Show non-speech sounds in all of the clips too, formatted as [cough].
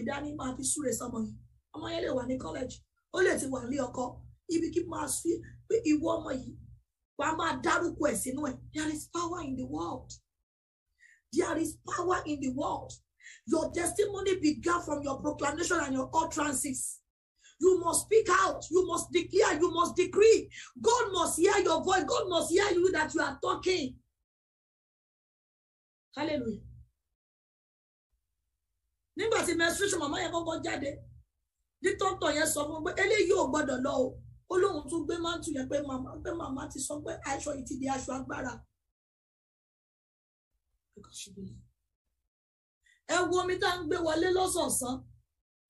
ìdání máa fi súre sọmọ yìí ọmọ yẹn lè wà ní kọ́lẹ́jì ó lè ti wà ní ọkọ ibi kí máa fi pé ìwọ ọmọ yìí wàá máa dárúkọ ẹ̀ sínú ẹ̀ there is power in the world there is power in the world your testimony began from your proclamation and your utterances. You must speak out. You must declare. You must decree. God must hear your voice. God must hear you that you are talking. Hallelujah nígbà tí menstruation màmá yẹn kọ́kọ́ jáde dítọ́tọ̀ yẹn sọ fún pé eléyìí ò gbọ́dọ̀ lọ o ó lóun tún gbé mántù yẹn pé màmá pé màmá ti sọ pé aṣọ yìí ti di aṣọ agbára ẹ wo omi tá à ń gbé wọlé lọ́sọ̀ọ̀sán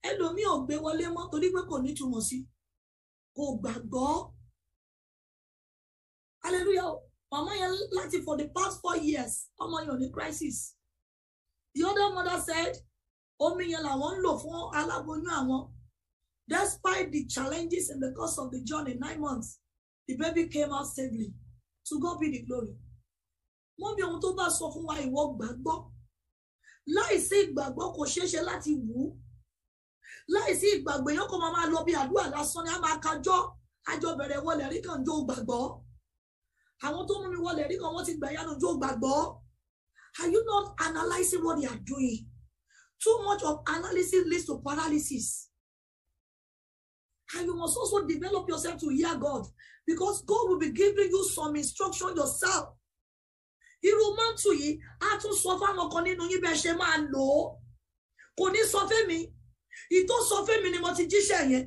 ẹlòmíì ò gbé wọlé mọ́ torí pé kò nítumọ̀ sí kò gbàgbọ́ hallelujah màmá yẹn láti for the past four years ọmọ yẹn ò ní crisis the other mother said omi yẹn làwọn ń lò fún aláboyún àwọn despite the challenges and the cost of the journey nine months the baby came out safely to God be the glory wọ́n bí ohun tó bá sọ fún wa ìwọ gbàgbọ́ láìsí ìgbàgbọ́ kò ṣeé ṣe láti wù ú láìsí ìgbàgbọ́ èèyàn kò máa máa lọ bí àdúrà lásán ni a máa kájọ́ àjọ bẹ̀rẹ̀ wọlé rí kan jó gbàgbọ́ àwọn tó mú mi wọlé rí kan wọ́n ti gbà yánu jó gbàgbọ́ are you not analysing what they are doing? Too much of analysis leads to paralysis. And you must also develop yourself to hear God because God will be giving you some instruction yourself. Irú mọ́tò yìí á tún sọ fáwọn ọkọ nínú yín bẹ́ẹ̀ ṣe máa lò ó. Kò ní sọ fẹ́mi. Ìtò sọ fẹ́mi ni mo ti jíṣẹ́ yẹn.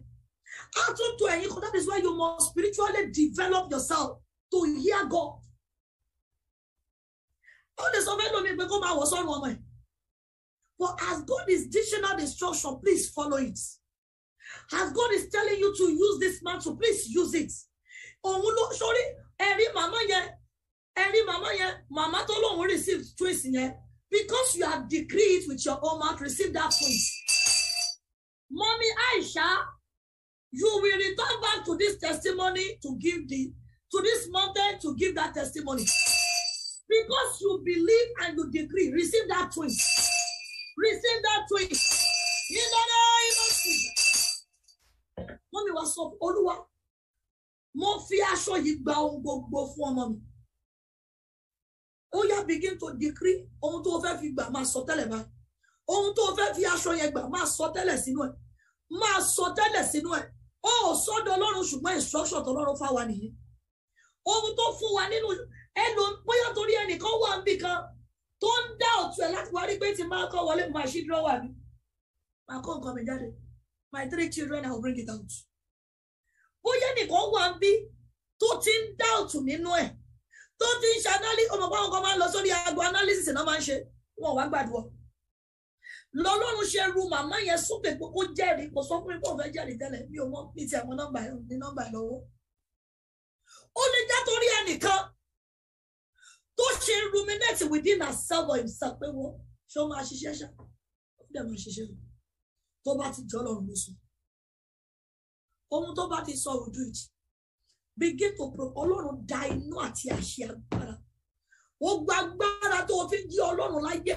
Á tún tó ẹ̀yin kan that is why you must spiritually develop yourself to hear God. Ó lè sọ fẹ́ lómi pé kó máa wọ̀ sọ́run ọmọ ẹ̀. But as God is dishing out instruction, please follow it. As God is telling you to use this mantle, please use it. Òun ló sórí ẹ̀rí màmá yẹn ẹ̀rí màmá yẹn màmá tó lóun receive twins yẹn because you have decree it with your own mouth receive that twins. Mọ́mí Aisha you will return back to this testimony to give the to this mountain to give that testimony because you believe and you decree receive that twins receive that twin in the name of Jesus. wọ́n mi wá sọ olúwa mo fi aṣọ yìí gba ohun gbogbo fún ọmọ mi ó yá begin to decree ohun tó fẹ́ fi gbà máa sọ tẹ́lẹ̀ báyìí ohun tó fẹ́ fi aṣọ yẹn gbà máa sọ tẹ́lẹ̀ sínú ẹ̀ máa sọ tẹ́lẹ̀ sínú ẹ̀ ó sọ́dọ̀ ọlọ́run ṣùgbọ́n instruction tọ́lọ́run fáwa nìyí ohun tó fún wa nínú ẹ lò bóyá torí ẹnìkan wà níbì kan tó ń dá òtún ẹ láti wá rí pé tí máa kọ́ wọlé máa ṣí dúrọ́wà mi máa kó nǹkan mi jáde my three children I will bring it out. bóyá nìkan wà ń bí tó ti ń dá òtún nínú ẹ̀ tó ti ń ṣe analysis ọmọ báwọn kan máa ń lọ sórí aago analysis náà máa ń ṣe wọn ò wá gbàdúrà lọ́lọ́run ṣe ru màmá yẹn súnpè pé kó jẹ́rìí kò sọ fún mi pé òun fẹ́ jẹ́rìí tẹ́lẹ̀ mi ò mọ̀ ní ti àwọn nọ́mbà ní nọ́mbà lọ́wọ́ ó lè já torí ẹnìkan tó ṣe ń ruminate within herself or himself pé wọ́n ṣé ó máa ṣiṣẹ́ ṣá ó dẹ̀ máa ṣiṣẹ́ rẹ̀ tó bá ti jọ́ lọ́rùn lóṣù ohun tó bá ti sọ òdu ìjì begin to pro ọlọ́run da inú àti àṣẹ agbára gbogbo agbára tó o fi ń jí ọlọ́run láyé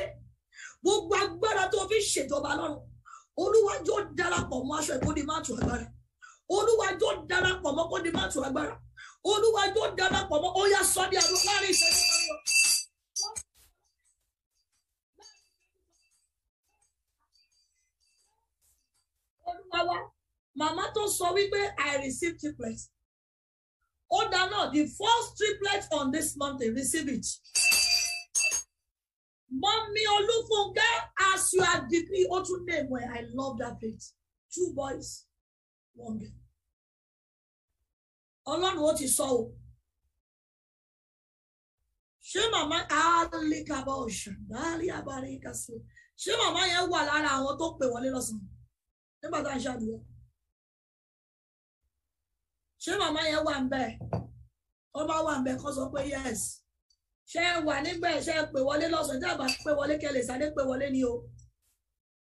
gbogbo agbára tó o fi ń ṣèjọba ọlọ́run olúwàjọ́ darapọ̀ mọ́ aṣọ ìkóni má tu agbára olúwàjọ́ darapọ̀ mọ́ kóni má tu agbára olúwa yóò darapọ̀ mọ́ ó yá sọ ní àdúrà láàrin ìṣẹ́jú kan lọ. olúwa wa màmá tó sọ wípé i receive triplet ó dáná the first triplet on this mountain receive it. Mommy Olufunke, as you have degree. ó tún name where I love that page. Two boys, one girl ọlọ́run ó ti sọ o ṣé màmá àlìkàbọ̀ ọ̀sùn dáálí abárí kásù ṣé màmá yẹn wà lára àwọn tó pè wọlé lọ́sàn-án nígbà tá a ṣàdúrà ṣé màmá yẹn wà ń bẹ̀ ọba wà ń bẹ̀ kọ́ sọ pé yes ṣé ẹ wà nígbà ṣe pè wọlé lọ́sàn-án tí àbá pè wọlé kẹlẹ̀ sáré pè wọlé ni o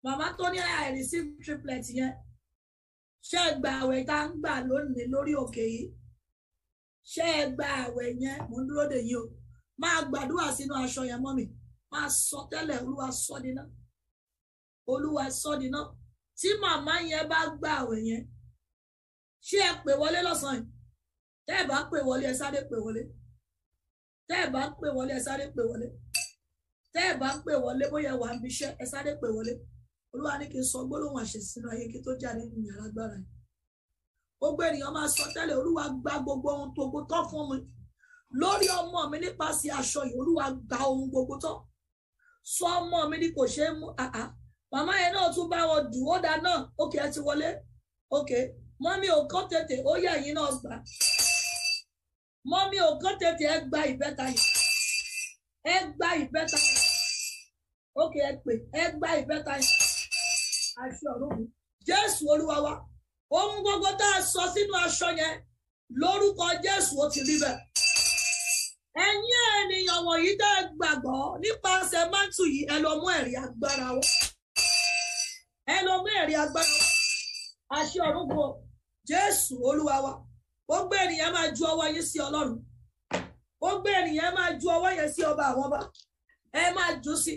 màmá tó ní I receive triplet yẹn ṣé gbàwẹ̀ tá ń gbà lónìí lórí òkè yìí ṣé ẹ gba àwẹ̀ yẹn mò ń dúró dè yín o máa gbàdúrà sínú aṣọ yẹn mọ́ mi máa sọ tẹ́lẹ̀ olúwa sọ di náà olúwa sọ di náà tí màmá yẹn bá gba àwẹ̀ yẹn ṣé ẹ pè wọlé lọ́sàn-án yìí tẹ́ ẹ bá pè wọlé ẹ sáré pè wọlé tẹ́ ẹ bá pè wọlé ẹ sáré pè wọlé tẹ́ ẹ bá pè wọlé bóyá wà ń bíṣẹ́ ẹ sáré pè wọlé olúwa ní kí n sọ gbólóhùn àṣẹ sínú ayé kí tó jáde nínú yàrá gbára yìí gbogbo ènìyàn máa sọ tẹ́lẹ̀ olúwa gba gbogbo ohun tó gbogbo tán fún mi lórí ọmọ mi nípasẹ̀ aṣọ yìí olúwa gba ohun gbogbo tán sọ ọmọ mi ni kò ṣeé mú àá ah, ah. màmá yẹn náà tún bá wọn dùn ó dá náà ókè ẹ ti wọlé ókè mọ́mí ò kán tètè ó yà yín náà gbà mọ́mí ò kán tètè ẹ gba ìbẹ́ta yìí ẹ gba ìbẹ́ta yìí ókè ẹ pè ẹ gba ìbẹ́ta yìí àṣọ ọ̀rọ̀ mi jésù olúwa wa ohun gbogbo tá a sọ sínú aṣọ yẹn lórúkọ jésù ó ti rí bẹ́ẹ̀ ẹ̀yin ènìyàn wọ̀nyí tẹ́ ẹ gbàgbọ́ nípasẹ̀ mátù yìí ẹ lọ mú ẹ̀rí agbára wá ẹ lọ mú ẹ̀rí agbára wá àṣẹ ọ̀run jésù olúwa wa gbogbo ènìyàn máa ju ọwọ́ yín sí ọlọ́run gbogbo ènìyàn máa ju ọwọ́ yẹn sí ọba àwọn ọba ẹ máa jù sí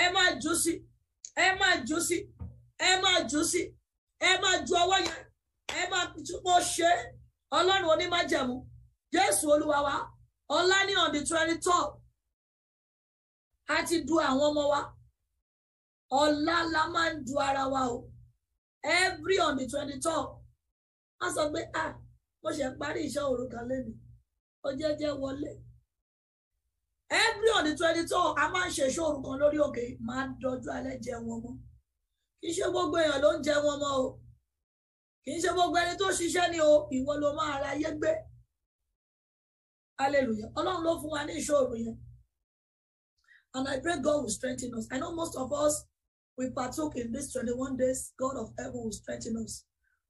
ẹ máa jù sí ẹ máa jù sí ẹ máa jù sí ẹ máa ju ọwọ́ yẹn ẹ máa túbọ̀ ṣe ọlọ́run onímájẹ̀mú jésù olúwa wa ọlá ní on the twenty two. a ti du àwọn ọmọ wa ọlá la máa ń du ara wa o every on the twenty two. wọ́n sọ pé ah mo ṣe parí iṣẹ́ òru kan lẹ́nu ó jẹ́jẹ́ wọlé every on the twenty two. a máa ń ṣe iṣẹ́ òru kan lórí òkè máa ń dọjú alẹ́ jẹun ọmọ kì í ṣe gbogbo èèyàn ló ń jẹ wọn mọ́ o kì í ṣe gbogbo ẹni tó ṣiṣẹ́ ni o ìwọ ló máa ra ayé gbé hallelujah ọlọ́run ló fún wa ní ìṣòro yẹn and I pray God will strengthen us I know most of us we partook in this twenty-one days God of heaven will strengthen us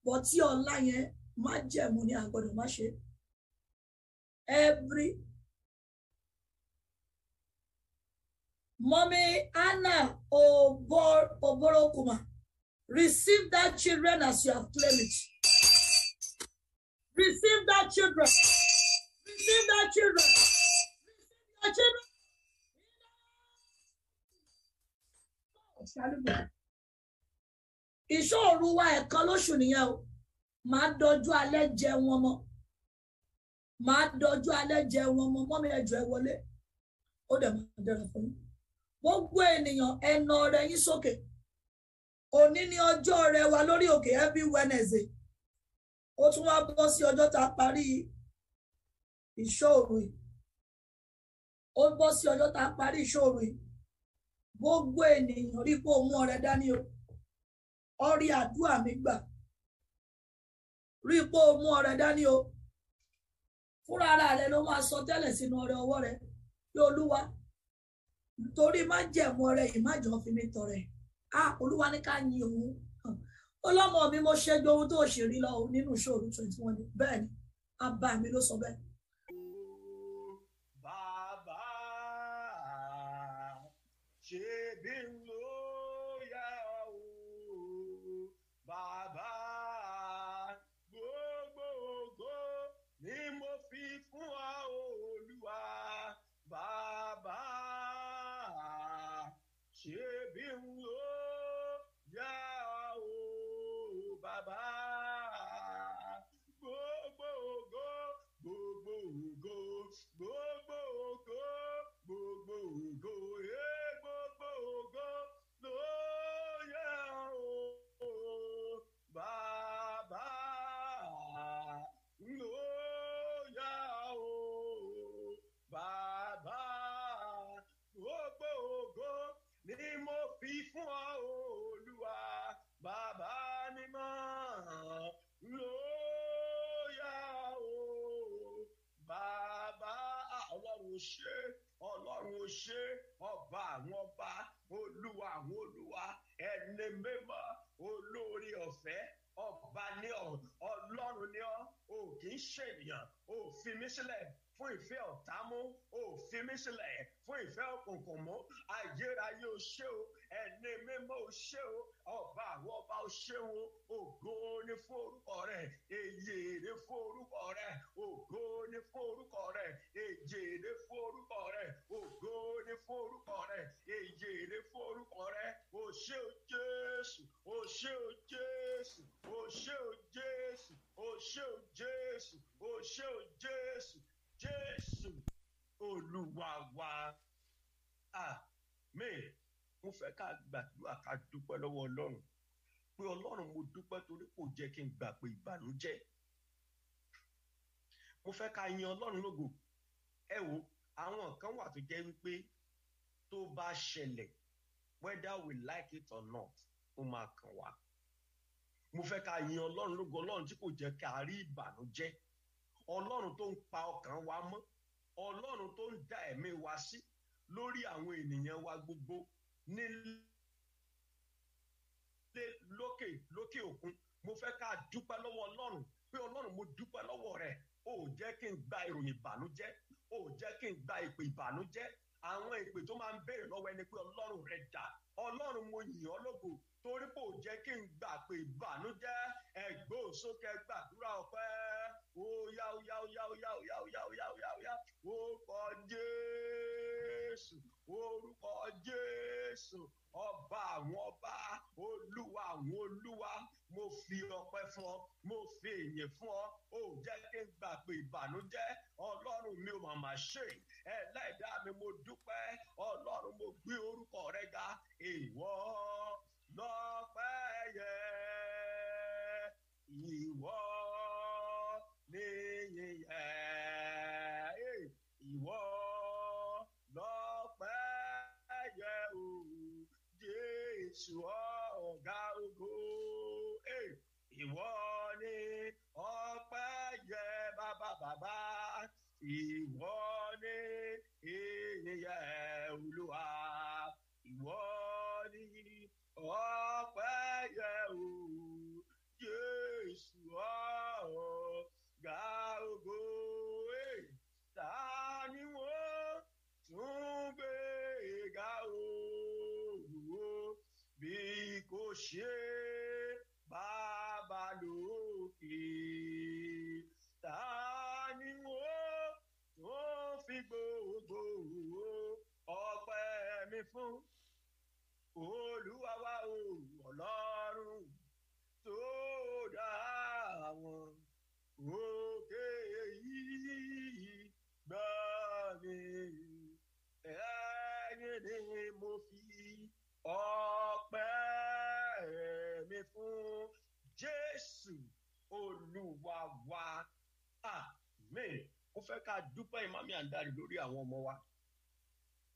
but tí ọ̀la yẹn má jẹ̀mú ni àgbọ̀dọ̀ má ṣe every Mommy Anna Obor, Oborokuma, receive that children as you have claimed it. Receive that children. Receive that children. Receive that children. ìṣòro wa ẹ̀kan lóṣù nìyẹn o máa dọjú alẹ́ jẹ wọn mọ́ máa dọjú alẹ́ jẹ wọn mọ́ mọ́mi ẹ̀jọ̀ ẹ wọlé ó dẹ̀ máa dẹ̀rọ̀ fún mi. gbogbo ènìyàn ẹna ọrẹ yín sókè òní ni ọjọ́ rẹ wà lórí òkè every Wednesday ó tún wá bọ́ sí ọjọ́ tá parí ìṣòro ó gbogbo ènìyàn rí pé òun ọrẹ dání o ọrí àdúrà mi gbà rí pé òun ọrẹ dání o fúnra ara rẹ ló máa sọ sínú ọrẹ nítorí má jẹ̀mú ọrẹ yìí má jọ fi mí tọrẹ ah olúwa ní ká yin òun ọlọ́mọ mi mo ṣẹ́jú ohun tó ṣe rí lọ nínú ìṣòro twenty one bẹ́ẹ̀ ni bàbá mi ló sọ bẹ́ẹ̀. bàbá ṣe bí n ṣe ọlọ́run ó ṣe ọba àwọn ọba olúwa àwọn olúwa ẹni mímọ́ olórí ọ̀fẹ́ ọba ní ọ ọlọ́run ní ọ ò kì í ṣèyàn ò fi mí sílẹ̀ fún ìfẹ́ ọ̀tá mú ò fi mí sílẹ̀ fún ìfẹ́ òkùnkùn mú ayérayé o ṣé o ẹni mímọ́ o ṣé o ọba àwọn ọba o ṣé o fẹ́ ká gbàdúrà ká dúpẹ́ lọ́wọ́ ọlọ́run pé ọlọ́run mo dúpẹ́ torí kò jẹ́ kí n gbà pé ìbànújẹ́ mo fẹ́ ká yan ọlọ́run lógo ẹ wo àwọn kan wà tó jẹ́ wípé tó bá ṣẹlẹ̀ whether we like it or not ó máa kàn wá mo fẹ́ ká yan ọlọ́run lógo ọlọ́run tí kò jẹ́ ká rí ìbànújẹ́ ọlọ́run tó ń pa ọkàn wa mọ́ ọlọ́run tó ń dá ẹ̀mí wa sí lórí àwọn ènìyàn wa gbogbo nílé lókè lókè òkun mo fẹ́ ká dúpẹ́ lọ́wọ́ ọlọ́run pé ọlọ́run mo dúpẹ́ lọ́wọ́ rẹ̀ o ò jẹ́ kí n gba ìròyìn ìbànújẹ́ o ò jẹ́ kí n gba ìpè ìbànújẹ́ àwọn ìpè tó máa ń béèrè lọ́wọ́ ẹni pé ọlọ́run rẹ̀ dà ọlọ́run mo yìn ọ́ lógo torí bò jẹ́ kí n gbà pé ìbànújẹ́ ẹgbẹ́ òsókè gbàdúrà ọpẹ́ ó yá ó yá jésù ọba àwọn ọba olúwa àwọn olúwa mo fi ọpẹ́ fún ọ mo fi èyìn fún ọ ò jẹ́ kí n gbàgbé ìbànújẹ́ ọlọ́run mi ò màmá ṣe ẹlẹ́dà mi mo dúpẹ́ ọlọ́run mo gbé orúkọ rẹ ga ìwọ lọ́pẹ́ yẹ ìwọ. ìwọ ni ènìyàn olúwa ìwọ ni ọpẹ́ yẹ o jésù ọ̀gá ògo ẹ̀ e. ta ni wọ́n tún gbé e ga o bí kò ṣe é. fún olúwa wa o ọlọ́run tó dá àwọn òkè yìí gbọ́ mi ẹ̀yin ni mo fi ọpẹ́ mi fún jésù olúwa wa àmín mo fẹ́ ká dúpẹ́ ìmáàmì àǹdarí lórí àwọn ọmọ wa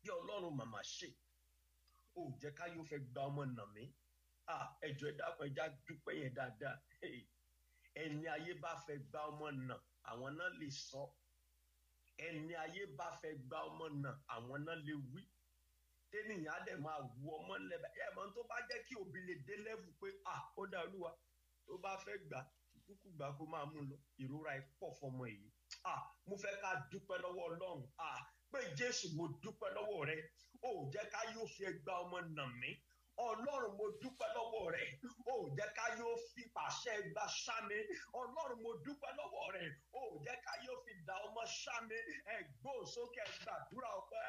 bí ọlọ́run màmá ṣe ò jẹ́ káyọ̀ fẹ́ gba ọmọ nà mí ẹjọ́ ẹ dákun ẹjá dúpẹ́ yẹn dáadáa ẹni ayé bá fẹ́ gba ọmọ nà àwọn náà lè sọ ẹni ayé bá fẹ́ gba ọmọ nà àwọn náà lè wí tẹ́nìyàn á dẹ̀ máa wú ọmọ lẹ́bàá ẹ̀ mọ́ tó bá jẹ́ kí òbí lè dé lẹ́wù pé à ó dá olúwa tó bá fẹ́ gbà kúkú gbà kó máa mú lọ ìrora ẹ̀ pọ̀ fọmọ yìí à mo fẹ́ ká dúpẹ́ lọ́wọ́ ọlọ́run à pé jésù mo dúpẹ́ lọ́wọ́ rẹ ò jẹ́ ká yóò fi ẹgbà ọmọ nà mí ọlọ́run mo dúpẹ́ lọ́wọ́ rẹ̀ ò jẹ́ ká yóò fi pàṣẹ ẹgbà sámi ọlọ́run mo dúpẹ́ lọ́wọ́ rẹ̀ ò jẹ́ ká yóò fi dà ọmọ sámi ẹgbó sókè gbàdúrà ọpẹ́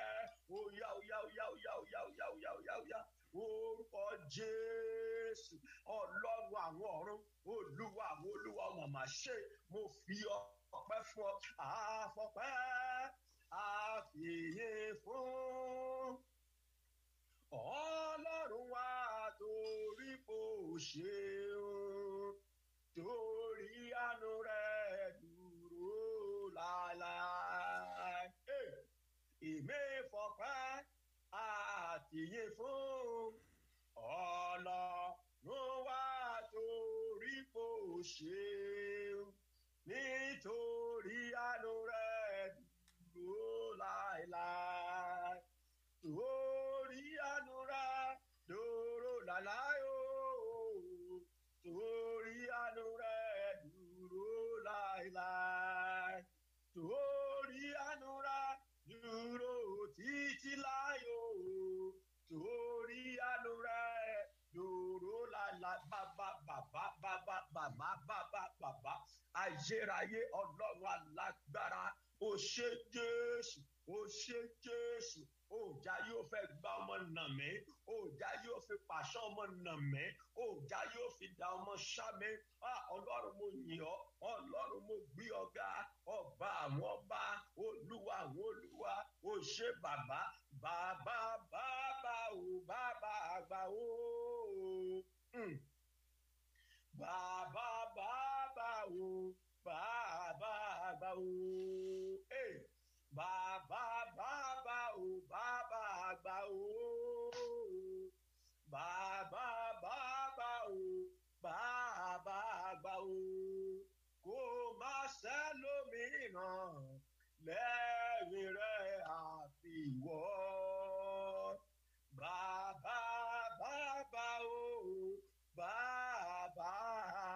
òyà òyà òyà òyà òyà òyà òyà òyà òyà orúkọ jésù ọlọ́run àwọn ọ̀run olúwa àwọn olúwa ọmọ màá ṣe mo fi ọpẹ́ fún ọ àfọpẹ́ àfìyè fún ọlọ́run wá torí kò ṣe o torí àánú rẹ̀ dúró láláà èmi eh, fọpẹ́ àtìyé fún ọlọ́run wá torí kò ṣe o nítorí àánú rẹ̀ dúró láláà. Oh. láyò torí àánú rẹ̀ dúró láéláé torí àánú rẹ̀ dúró títí láyò torí àánú rẹ̀ dúró láéláé bàbá bàbá bàbá bàbá bàbá bàbá ayérayé ọlọ́run alágbára. ó ṣe jésù ó ṣe jésù òòjà yóò fẹ́ gba ọmọ nà mí òòjà yóò fi pàṣẹ ọmọ nà mí òòjà yóò fi da ọmọ ṣá mi ọlọ́run mo yìn ọ́ ọlọ́run mo gbé ọ̀gá ọba àwọn ọba olúwa àwọn olúwa ó ṣe bàbá bàbá bàbá o bàbá àgbà o hmm. bàbá bàbá o bàbá àgbà o bàbá bàbá o bàbá àgbà o bàbá bàbá o bàbá àgbà o kò má sẹ́lómìíràn lẹ́yìn rẹ̀ àfiwọ́ bàbá bàbá o bàbá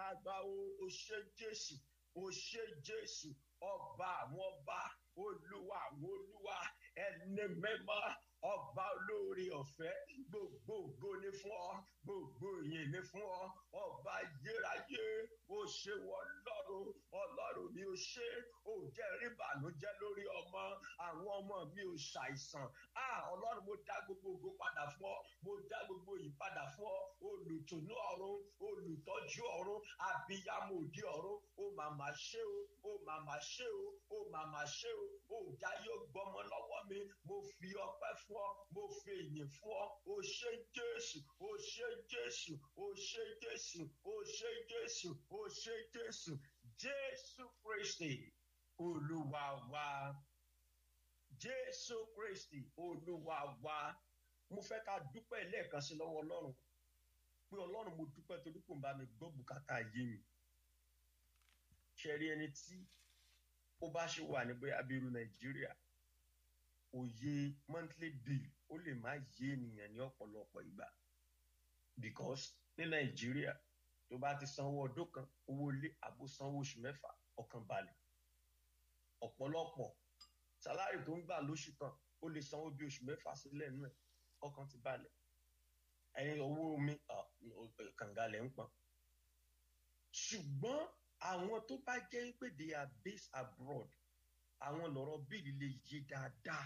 àgbà o o ṣé Jésù o ṣé Jésù ọba àwọn ọba olúwa àwọn olúwa ẹni mẹ́mọ́ ọba olóore ọ̀fẹ́ gbogbo ògo ni fún ọ gbogbo ìyìn ni fún ọ ọba ayérayé ó ṣe wọ ọlọ́run ọlọ́run mi ò ṣe ó jẹ́ ríbànújẹ́ lórí ọmọ àwọn ọmọ mi ò ṣàìsàn á ọlọ́run mo dá gbogbo ògo padà fún ọ mo dá gbogbo yìí padà fún ọ olùtùnú ọ̀run olùtọ́jú ọ̀run abiyamọ òdi ọ̀run ó màmá ṣe o o màmá ṣe o ó màmá ṣe o ó jáyé gbọmọ lọ́wọ́ mi mo fi ọpẹ́ fún fún ọ mo fi ìyìn fún ọ o ṣé jésù o ṣé jésù o ṣé jésù o ṣé jésù o ṣé jésù jésù kristi olúwa wa jésù kristi olúwa wa mo fẹ́ ká dúpẹ́ lẹ́ẹ̀kan sí lọ́wọ́ ọlọ́run pé ọlọ́run mo dúpẹ́ torí kò ń bá mi gbọ́ bùkátà yé mi ṣẹ̀rí ẹni tí ó bá ṣe wà ní bóyá abirú nàìjíríà Oye monthly bill ó lè má yé ènìyàn ní ọ̀pọ̀lọpọ̀ ìgbà because ní nàìjíríà tó bá ti sanwó ọdún kan owó ilé àbó sanwó oṣù mẹ́fà ọkàn balẹ̀ ọ̀pọ̀lọpọ̀ sálárì tó ń gbà lóṣù kan ó lè sanwó bí oṣù mẹ́fà sílẹ̀ nù ẹ̀ ọkàn ti balẹ̀ ẹ̀yin owó mi kàngalẹ̀ ń pọn ṣùgbọ́n àwọn tó bá jẹ́ pé they are based abroad àwọn lọ́rọ̀ bíìlì lè yé dáadáa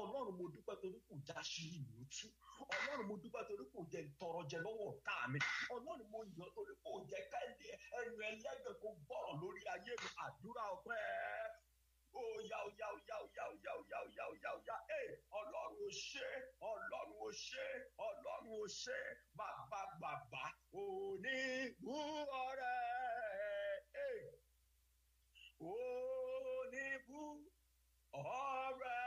ọlọ́run mo dúpẹ́ torí kò já ṣírí mi tú ọlọ́run mo dúpẹ́ torí kò jẹ tọrọ jẹ lọ́wọ́ ọ̀tá mi ọlọ́run mo yàn torí kò jẹ kẹ́lẹ́ ẹnu ẹlẹ́gbẹ̀ kò gbọ́rọ̀ lórí ayé mi àdúrà ọpẹ́ oya oya oya oya oya oya oya oya oya ee ọlọ́run ò ṣe ọlọ́run ò ṣe ọlọ́run ò ṣe bàbá bàbá òní bú ọrẹ ee eh, òní bú ọrẹ.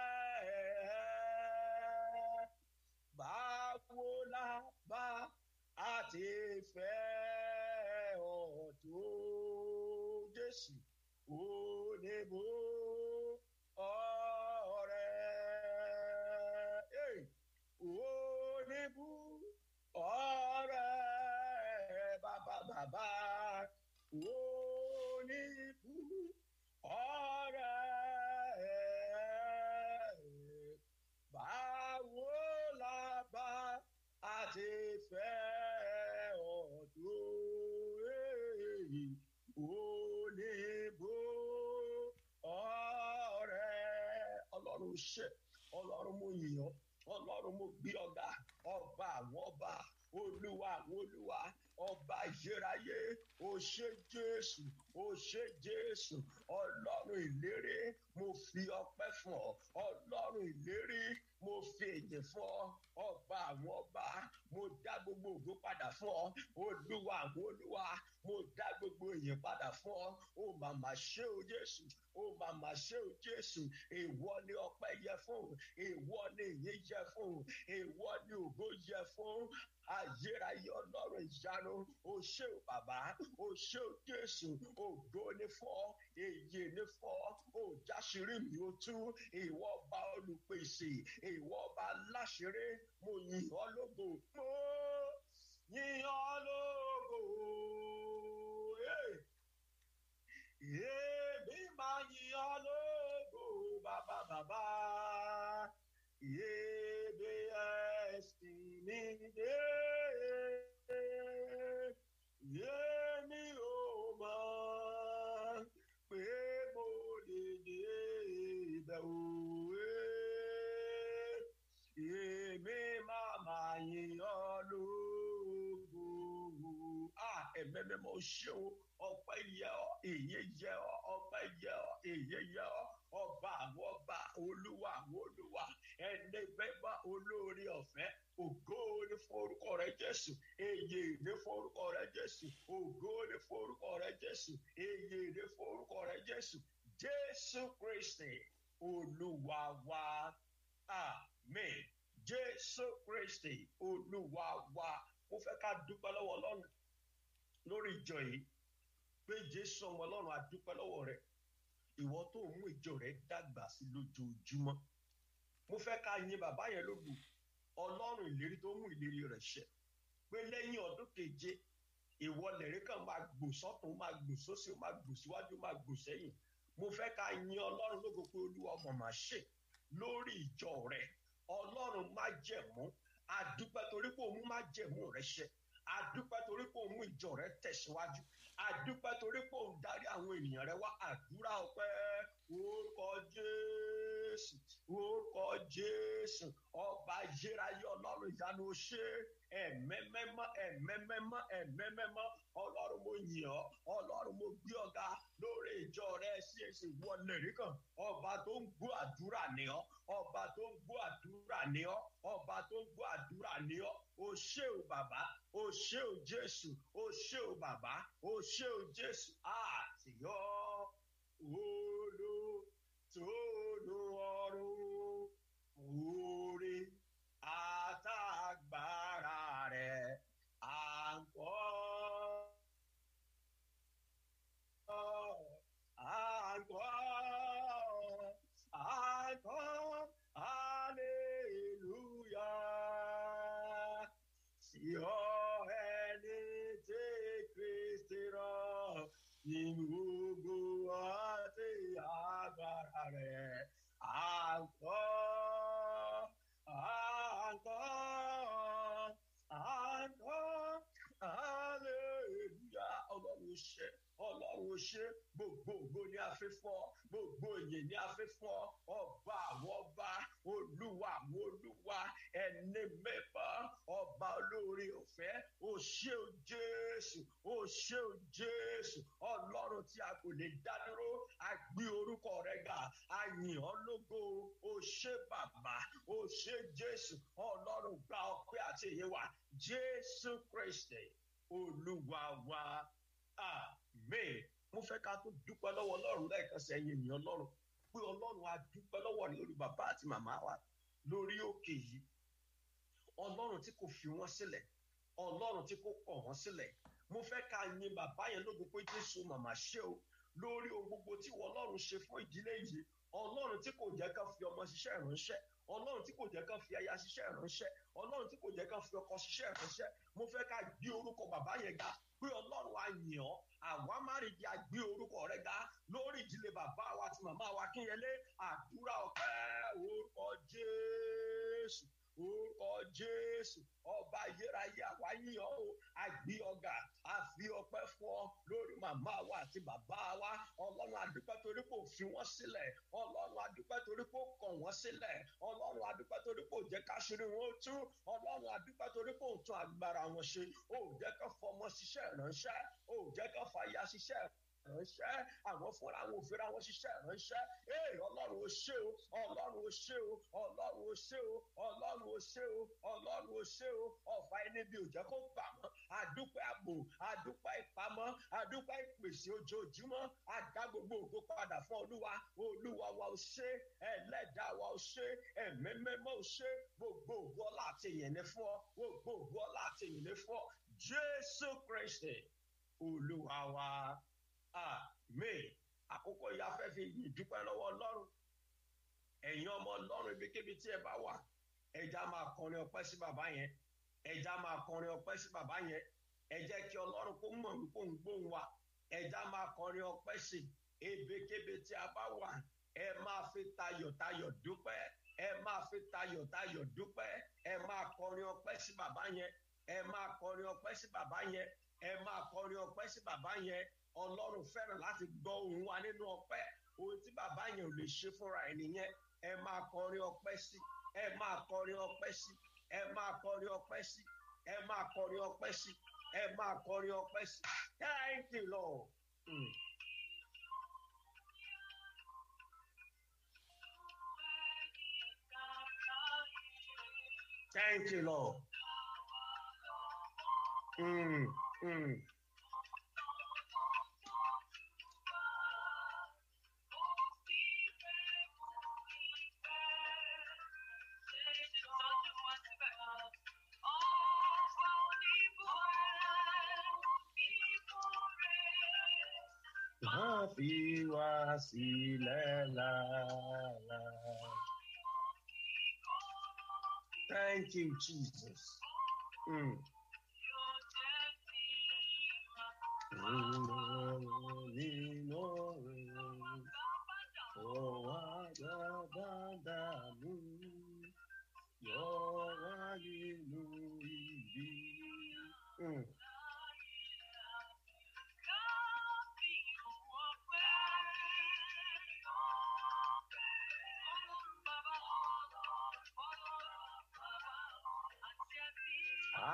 bá a ti fẹ́ ọ̀ tó Jésù ó ní bó ṣe ọlọ́run mo yìn ọ́ ọlọ́run mo gbé ọ̀gá ọba àwọn ọba olúwa àwọn olúwa ọba ìṣeráyé ó ṣé jésù ó ṣé jésù ọlọ́run ìlérí mo fi ọpẹ́ fún ọ ọlọ́run ìlérí mo fi èdè fún ọ ọba àwọn ọba mo dá gbogbo ògo padà fún ọ olúwa àwọn olúwa mo dá gbogbo èyí padà fún ọ ó màmá ṣé o jésù màmá ṣe ò jésù èèwọ ni ọpẹ yẹ fún èèwọ ni ìyìn yẹ fún èèwọ ni ògo yẹ fún ayérayé ọlọ́run ìyanu o ṣé o ṣé o jésù ògo ní fọ́ èyí ní fọ́ o jáṣírí mi o tú ìwọ ọba olùpèsè ìwọ ba láṣírí mo yìn ọ́ lógo mo yìn ọ́ lógo. Yeah. alego, babababá. E de este ninguém, e me oma, e mori de daue, e me mamãe olúbu. Ah, é mesmo, meu show, ó, pai, ó, e é, ó. ọmọ ìyá ìyẹyẹ ọba àwọn ọba olúwa àwọn olúwa ẹni bẹ́bà olóore ọ̀fẹ́ ògo ni fún orúkọ rẹ jésù èyè ni fún orúkọ rẹ jésù ògo ni fún orúkọ rẹ jésù èyè ni fún orúkọ rẹ jésù jésù kristi olúwa wa amen jésù kristi olúwa wa mo fẹ́ ká dúpẹ́ lọ́wọ́ ọlọ́run lórí ìjọ yìí pé jésù ọmọ ọlọ́run adúpẹ́ lọ́wọ́ rẹ ìwọ tó mú ìjọ rẹ dàgbà sí lójoojúmọ́ mo fẹ́ ká yin bàbá yẹn lógo ọlọ́run ìlérí tó mú ìlérí rẹ̀ ṣẹ pé lẹ́yìn ọdún keje ìwọ lẹ̀rí kan máa gbò sọ́tún máa gbò sósì máa gbò síwájú máa gbò sẹ́yìn mo fẹ́ ká yin ọlọ́run lógo pé olúwa ọmọ màá ṣe lórí ìjọ rẹ ọlọ́run má jẹ̀mú adúpẹ́ torí pé òun má jẹ̀mú rẹ ṣẹ àdúpẹ́ torí pé òun ìjọ rẹ tẹ̀síwájú àdúpẹ́ torí pé òun darí àwọn ènìyàn rẹ wá àdúrà ọpẹ́ orúkọ jésù orúkọ jésù ọba ayérayé ọlọ́run ìyanu ṣe ẹ̀mẹ́mẹ́mọ́ ẹ̀mẹ́mẹ́mọ́ ẹ̀mẹ́mẹ́mọ́ ọlọ́run mo yìn ọ́ ọlọ́run mo gbé ọ̀gá lórí ìjọ rẹ sí èsì wọlé rí kan ọba tó ń gbọ́ àdúrà ni ọ́ ọba tó ń gbọ́ àdúrà ni ọ́ ọba tó ń gbọ́ àdúrà ni ọ́ o ṣé o bàbá o ṣé o jésù o ṣé o bàbá o ṣé o jésù àtìyọ́ olóòtú. lè dá dúró a gbé orúkọ rẹ ga a yìn ọ́ lógo o ṣé bàbá o ṣé jésù ọlọ́run gba ọpẹ́ àti ìyẹn wà jésù kristi olúwa wa amen mo fẹ́ ká tó dúpẹ́ lọ́wọ́ ọlọ́run lẹ́ẹ̀kan sẹ́yìn ènìyàn ọlọ́run pé ọlọ́run á dúpẹ́ lọ́wọ́ lórí bàbá àti màmá wa lórí òkè yìí ọlọ́run tí kò fi wọ́n sílẹ̀ ọlọ́run tí kò kọ̀ wọ́n sílẹ̀ mo fẹ́ ká yin bàbá yẹn lógun pé jésù màmá ṣé o lórí ohun gbogbo tí ìwọ ọlọ́run ṣe fún ìdílé yìí ọlọ́run tí kò jẹ́ ká fi ọmọ ṣiṣẹ́ ìránṣẹ́ ọlọ́run tí kò jẹ́ ká fi aya ṣiṣẹ́ ìránṣẹ́ ọlọ́run tí kò jẹ́ ká fi ọkọ ṣiṣẹ́ ìránṣẹ́ mo fẹ́ ká gbé orúkọ bàbá yẹn ga pé ọlọ́run á yìn ọ́ àwa márìndí á gbé orúkọ rẹ ga lórí ìdílé bàbá wa àti màmá wa kínyẹlé àdúrà ọpẹ́ orúkọ jésù orúkọ jésù ọba ayérayé àwa yín ọ o àgbé ọgà àfi ọpẹ́ fún ọ lórí màmá wa àti bàbá wa ọlọ́run adúpẹ́ torí kò fi wọ́n sílẹ̀ ọlọ́run adúpẹ́ torí kò kàn wọ́n sílẹ̀ ọlọ́run adúpẹ́ torí kò jẹ́ ká ṣírí wọn tú ọlọ́run adúpẹ́ torí kò tún agbára wọn ṣe ó jẹ́ ká fọmọ ṣiṣẹ́ ránṣẹ́ ó jẹ́ ká fàyà ṣiṣẹ́ ìránṣẹ́ àwọn fúnra wọn òfin ra wọn ṣiṣẹ́ ìránṣẹ́ ee ọlọ́run ó ṣe o ọlọ́run ó ṣe o ọlọ́run ó ṣe o ọlọ́run ó ṣe o ọlọ́run ó ṣe o ọ̀fà ẹni bí òjẹ́ kó bà mọ́ àdúpẹ́ ààbò àdúpẹ́ ìpamọ́ àdúpẹ́ ìpèsè ojoojúmọ́ àdá gbogbo ògo padà fún olúwa olúwa wa ó ṣe ẹlẹ́dàá wa ó ṣe ẹ̀mẹ́mẹ́mọ́ ó ṣe gbogbo ògo ọlá àti ìyẹ̀nẹ́ fún ọ gbogbo ògo ọlá àti ìyẹ̀nẹ́ fún ọ jésù kristi olúwa wa àmín àkókò yìí a fẹ́ fi yìn dúpẹ́ lọ́wọ́ ọlọ́run ẹ̀yin ọmọ ọlọ́run ibikíbi tí ẹ bá wà ẹja máa kọrin ọpẹ́ sí bàbá yẹn ẹja máa kọrin ọpẹ́ sí bàbá yẹn ẹ jẹ́ kí ọlọ́run kó mọ̀ wípé òun gbóhùn wa ẹja máa kọrin ọpẹ́ sí ebekebe tí a bá wà ẹ máa fi tayọ̀tayọ̀ dúpẹ́ ẹ máa fi tayọ̀tayọ̀ dúpẹ́ ẹ máa kọrin ọpẹ́ sí bàbá yẹn ẹ máa kọrin ọpẹ́ sí bàbá yẹn ẹ máa kọrin ọpẹ́ sí bàbá yẹn ọlọ́run fẹ́ràn láti gbọ́ ohùn wa nínú ọpẹ́ ohun tí bàbá yẹn ò lè ṣe fúnra ẹ̀ nìyẹn ẹ máa kọrin ọpẹ́ sí ẹ máa kọrin ọpẹ́ sí ẹ máa kọrin ọpẹ́ sí ẹ máa kọrin ọpẹ́ sí ẹ máa kọrin ọpẹ́ sí thank you Lord. Hmm. Thank you, Lord. Mm, mm. Wasilela. Thank you, Jesus. Mm. Mm.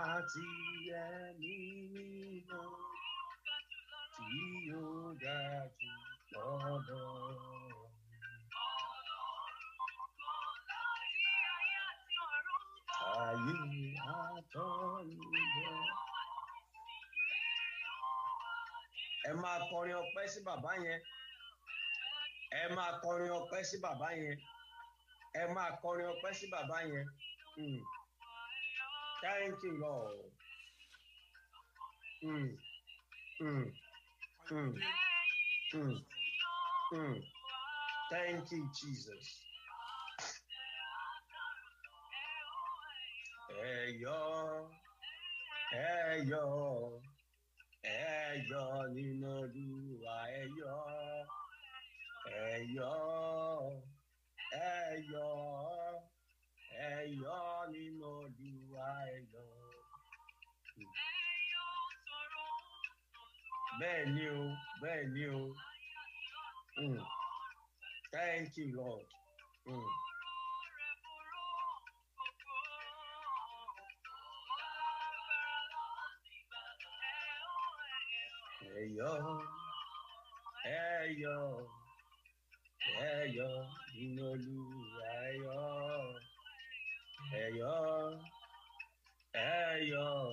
àti ẹ̀mí mímọ́ tí ó ga jù lọ́dọ̀. Ayé àtọ́lùbọ̀. Ẹ máa kọrin ọpẹ́ sí bàbá yẹn. Ẹ máa kọrin ọpẹ́ sí bàbá yẹn. Ẹ máa kọrin ọpẹ́ sí bàbá yẹn. Hmm. Thank you, Lord. Mm. Mm. Mm. Mm. Mm. Thank you, Jesus. Ẹ̀yọ́ ẹ̀yọ́ ẹ̀yọ́ nínú Olúwa ẹ̀yọ́ ẹ̀yọ́ ẹ̀yọ́ ẹ̀yọ́ o bẹ́ẹ̀ o mm. thank you lord. Mm. Ẹ̀yọ́ ẹ̀yọ́ ẹ̀yọ́ nínú olúwa ẹ̀yọ́. Hey yo, hey yo,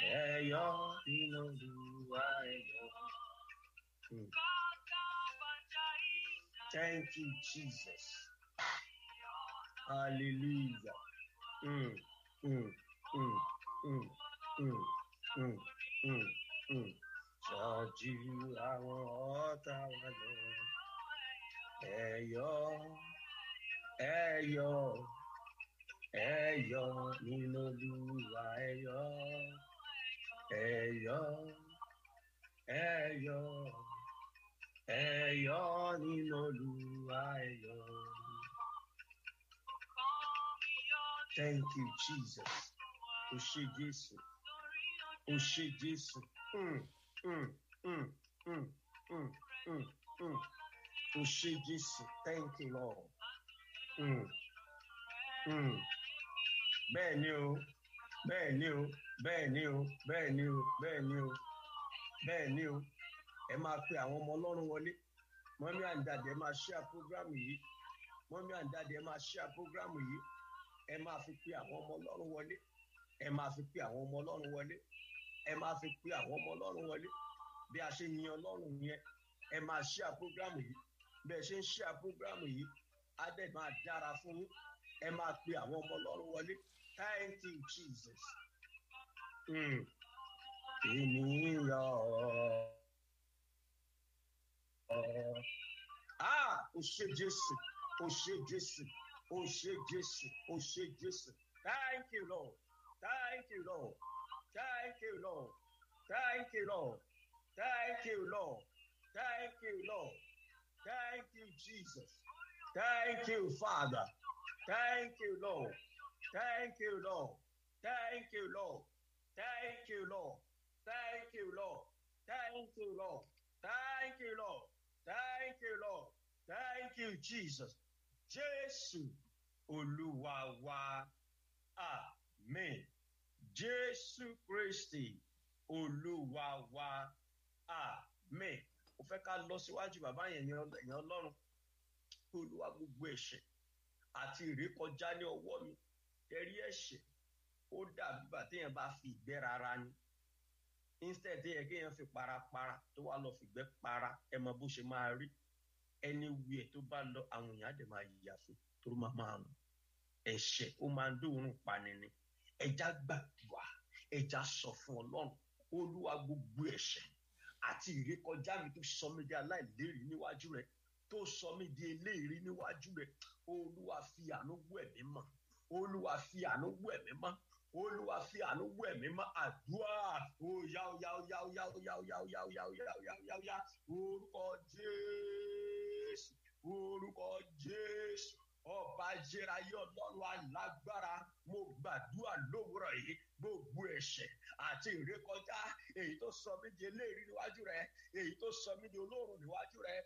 hey yo, you know do I go. Thank you, Jesus. Hallelujah. Mm, mm, mm, mm, mm, mm, mm, mm. Ṣáájú àwọn ọ̀tá wa lọ. Ẹ̀yọ́, ẹ yọ̀ nínú Olúwa ẹ yọ̀ ẹ yọ̀ nínú Olúwa Thank you, Jesus. O ṣé Jésù. O ṣé Jésù. Hmm, hmm, hmm, o ṣé Jésù. Thank you, Lord. Mm. Hmm. bẹ́ẹ̀ ni o bẹ́ẹ̀ ni o bẹ́ẹ̀ ni o bẹ́ẹ̀ ni o bẹ́ẹ̀ ni o bẹ́ẹ̀ ni o ẹ máa pe àwọn ọmọ ọlọ́run wọlé mọ́mí àǹdàdì ẹ máa ṣíà prógrámù yìí mọ́mí àǹdàdì ẹ máa ṣíà prógrámù yìí ẹ máa fi pe àwọn ọmọ ọlọ́run wọlé ẹ máa fi pe àwọn ọmọ ọlọ́run wọlé ẹ máa fi pe àwọn ọmọ ọlọ́run wọlé bí a ṣe yin ọlọ́run yẹn ẹ máa ṣíà prógrámù yìí bẹ́ẹ̀ ṣe ń ṣíà prógrámù yìí á dẹ̀ máa dára fún yín ẹ máa pe àwọn ọmọ ọlọ́run wọlé thank you jesus. èmi hmm. rọ ah o ṣe jésù o ṣe jésù o ṣe jésù o ṣe jésù thank you lord thank you lord thank you lord thank you lord thank you lord thank you lord thank you jesus thank you father. Thank you, Lord. Thank you, Lord. Thank you, Lord. Thank you, Lord. Thank you, Lord. Thank you, Lord. Thank you, Lord. Thank you, Lord. Thank you, Jesus. Jésù Olúwa Amen. Jesus Kristi Olúwa Amen. Mo fẹ́ ká lọ síwájú bàbá yẹn yẹn Ọlọ́run. Olúwa gbogbo ẹ̀ṣẹ̀. àti ìrékọjá ní ọwọ́ mi tẹ̀rí ẹ̀ṣẹ̀ ó dàbí bàtí yẹn bá fi ìgbẹ́ rárá ni instead yẹ kí yẹn fi parapara tó wà lọ fìgbẹ́ para ẹ mọ bó ṣe máa rí ẹni wíẹ̀ tó bá lọ àwọn èèyàn á dẹ̀ máa yíyà fún tó máa máa rùn ẹ̀ṣẹ̀ ó máa ń dóorùn pani ni ẹja gbàdúrà ẹja sọ fún ọlọ́run olúwa gbogbo ẹ̀ṣẹ̀ àti ìrékọjá mi tó sọ mí di aláìlérí níwájú rẹ tó sọ mí di eléèrí níwájú rẹ olúwa fi àánú wẹ̀ mí mọ́ olúwa fi àánú wẹ̀ mí mọ́ olúwa fi àánú wẹ̀ mí mọ́ àdúrà òyà òyà òyà òyà òyà òyà òyà òyà òyà òyà òyà òyà orúkọ jésù orúkọ jésù ọba jẹrayé ọlọ́run alágbára mo gbàdúrà lówùrọ̀ yìí gbogbo ẹ̀ṣẹ̀ àti ìrékọjá èyí tó sọ mí di eléèrí níwájú rẹ èyí tó sọ mí di olóòrùn níwájú rẹ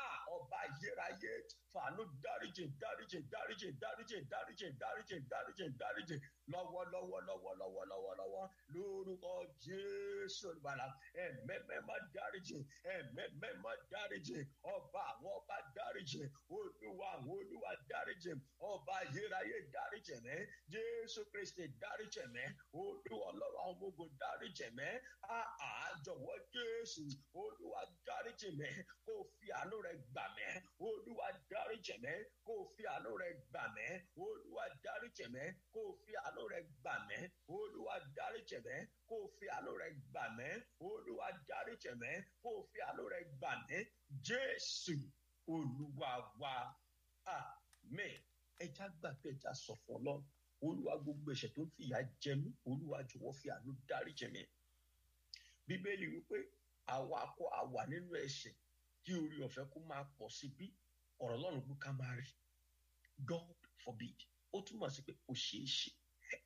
Ah, ọba ayérayé fàánú dáríjì dáríjì dáríjì dáríjì dáríjì dáríjì dáríjì dáríjì lọ́wọ́ lọ́wọ́ lọ́wọ́ lọ́wọ́ lọ́wọ́ lọ́wọ́ lórúkọ Jésù olùbàlà ẹ̀mẹ́mẹ́ má dáríjì ẹ̀mẹ́mẹ́ má dáríjì ọba àwọn ọba dáríjì olúwa àwọn olúwa dáríjì ọba ayérayé dáríjì rẹ̀ jẹ́. jésù kristi dáríjẹ̀ mẹ́ olúwa ọlọ́run àwọn ogun dáríjẹ̀ mẹ́ àjọwọ́ jésù olúwa dáríjẹ̀ mẹ́ kó fi àánú rẹ gbà mẹ́ olúwa dáríjẹ̀ mẹ́ kó fi àánú rẹ gbà mẹ́ olúwa dáríjẹ̀ mẹ́ kó fi àánú rẹ gbà mẹ́ olúwa dáríjẹ̀ mẹ́ kó fi àánú rẹ gbà mẹ́ olúwa dáríjẹ̀ mẹ́ kó fi àánú rẹ gbà mẹ́ jésù olúwa wa àmín ẹja gbàgbé ẹja sọ fún ọlọ́run olúwa gbogbo ẹ̀ṣẹ̀ tó ń fìyà jẹ mí olúwa jọ̀wọ́ fi àánú dáríjì bíbélì wípé àwa kọ́ àwa nínú ẹ̀ṣẹ̀ kí orí ọ̀fẹ́ kó máa pọ̀ sí bí ọ̀rọ̀ Ọlọ́run gbọ́ máa rí God forbid ó túmọ̀ sí pé kò ṣeé ṣe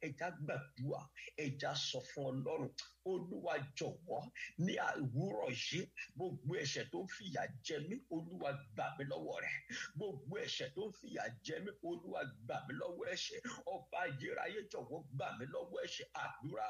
ẹja gbàdúrà ẹja sọ fún ọlọ́run olúwa jọ̀wọ́ ní àwúrọ̀ yìí gbogbo ẹ̀ṣẹ̀ tó ń fìyà jẹ mí olúwa gbà mí lọ́wọ́ rẹ̀ gbogbo ẹ̀ṣẹ̀ tó ń fìyà jẹ mí olúwa gbà mí lọ́wọ́ ẹ̀ṣẹ̀ ọba ayérayé jọ̀wọ́ gbà mí lọ́wọ́ ẹ̀ṣẹ̀ àdúrà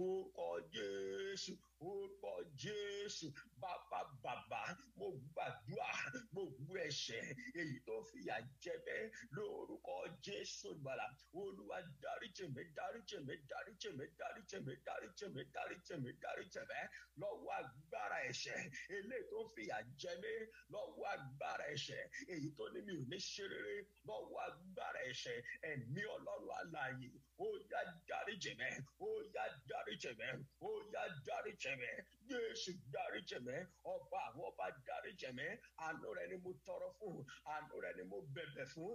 orúkọ jésù orúkọ jésù bàbá bàbá mo gbàdúrà gbogbo ẹ̀ṣẹ̀ èyí tó fìyà jẹ mí lórúkọ jésù gbàlà olúwa dáríjì mí dáríjì mí dáríjì mí dáríjì mí dáríjì mí dáríjì mí dáríjì mí lọ́wọ́ agbára ẹ̀ṣẹ̀ eléyìí tó fìyà jẹ mí lọ́wọ́ agbára ẹ̀ṣẹ̀ èyí tó ní mi ò ní ṣe rere lọ́wọ́ agbára ẹ̀ṣẹ̀ ẹ̀mí ọlọ́run alààyè ó yá dáríjì mí ó yá dáríjì mí ó yá dáríjì jẹmẹ jésù dárí jẹmẹ ọba àwọn ọba dárí jẹmẹ àánú rẹ ni mo tọrọ fún àánú rẹ ni mo bẹbẹ fún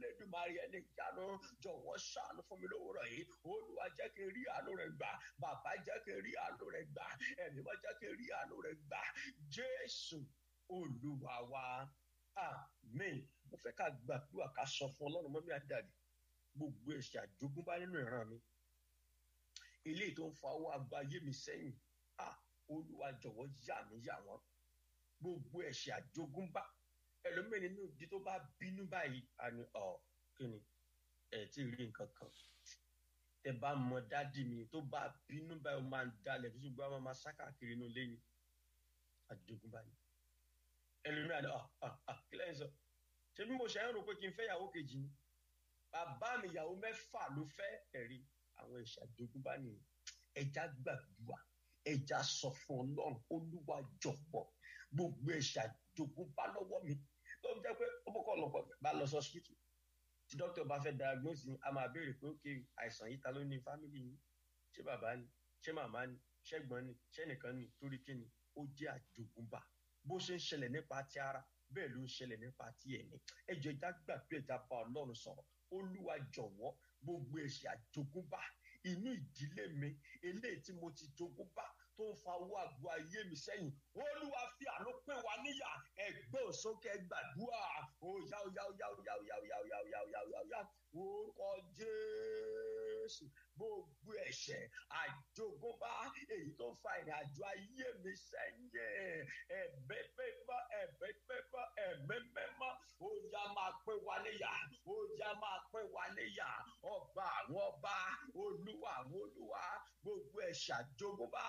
elédùnmarè ẹni ìyanu jọwọ ṣàánú fún mi lówùrọ yìí olúwa jẹ kí n rí àánú rẹ gbà bàbá jẹ kí n rí àánú rẹ gbà ẹmí wá jẹ kí n rí àánú rẹ gbà jésù olúwa wa amen mo fẹ ká gbàdúrà ká sọ fún ọlọrun mọmí àdàdì gbogbo ẹsẹ àjogúnbá nínú ìran mi eléyìí tó ń fa owó àgbáyé mi sẹ́yìn olúwa jọ̀wọ́ yà mí yà wọ́n gbogbo ẹ̀ṣẹ̀ àjogúnbá ẹlòmíì nínú ìdí tó bá bínú báyìí àní ọ̀ kí ni ẹ̀ tí ì rí nǹkan kan tẹ bá mọ dádì mi tó bá bínú báyìí ó máa ń dalẹ̀ tó ṣùgbọ́n àwọn máa ṣákàkiri inú lẹ́yìn àjogúnbá ni ẹlòmíì àní ọ̀ ọ̀ kí lẹ́yìn sọ ṣé bí mo ṣe ń rò pé kí n fẹ́ ìyàwó kejì ni bàbá mi ìyàwó mẹ́fà ló fẹ́ ẹ̀rí àwọn ẹ̀ṣẹ̀ àjogúnbá ni ẹja gbàdúrà ẹja sọ fún ọlọ́run olúwa jọ̀pọ̀ gbogbo ẹ̀ṣẹ̀ àjogún bá lọ́wọ́ mi tó ń jẹ́ pé ó kọ́kọ́ bá lọ sọ hospital tí dókítà bá fẹ́ diagnose ni a máa béèrè pé ókè àìsàn yìí ta ló ní family yìí ṣé bàbá ni ṣé màmá ni ṣé ẹ̀gbọ́n ni ṣé nìkan ni torí kí ni ó jẹ́ àjogúnbá bó ṣe ń ṣẹlẹ̀ nípa ti ara bẹ́ẹ̀ ló ń ṣẹlẹ̀ nípa ti ẹ̀mí ẹjọ́ ìjà gbàgbé ìjà bá ọlọ́run sọ̀rọ̀ olúwa jọ̀wọ́ gbogbo ẹ̀ṣẹ̀ àjogúnbá inú ìdílé mi eléyìí tí mo ti jogún bá tó ń fa owó àgbo ayé mi sẹ́yìn olúwa fi àánú pín wa níyà ẹgbẹ́ òsókè gbàdúrà òyà òyà òyà òyà òyà òyà òyà òyà òyà òyà òyà orúkọ jésù gbogbo ẹ̀ṣẹ̀ àjogúnbá èyí tó fa ìrìn àjò ayé mi sẹ́yìn ẹ̀bẹ̀ mẹ́mọ́ ẹ̀bẹ̀ mẹ́mọ́ ẹ̀bẹ̀ mẹ́mọ́ òyà máa pín wa níyà òyà máa pín wa níyà ọba àwọn ọba olúwa àwọn olúwa gbogbo olúwẹ̀ ṣàjogúnbá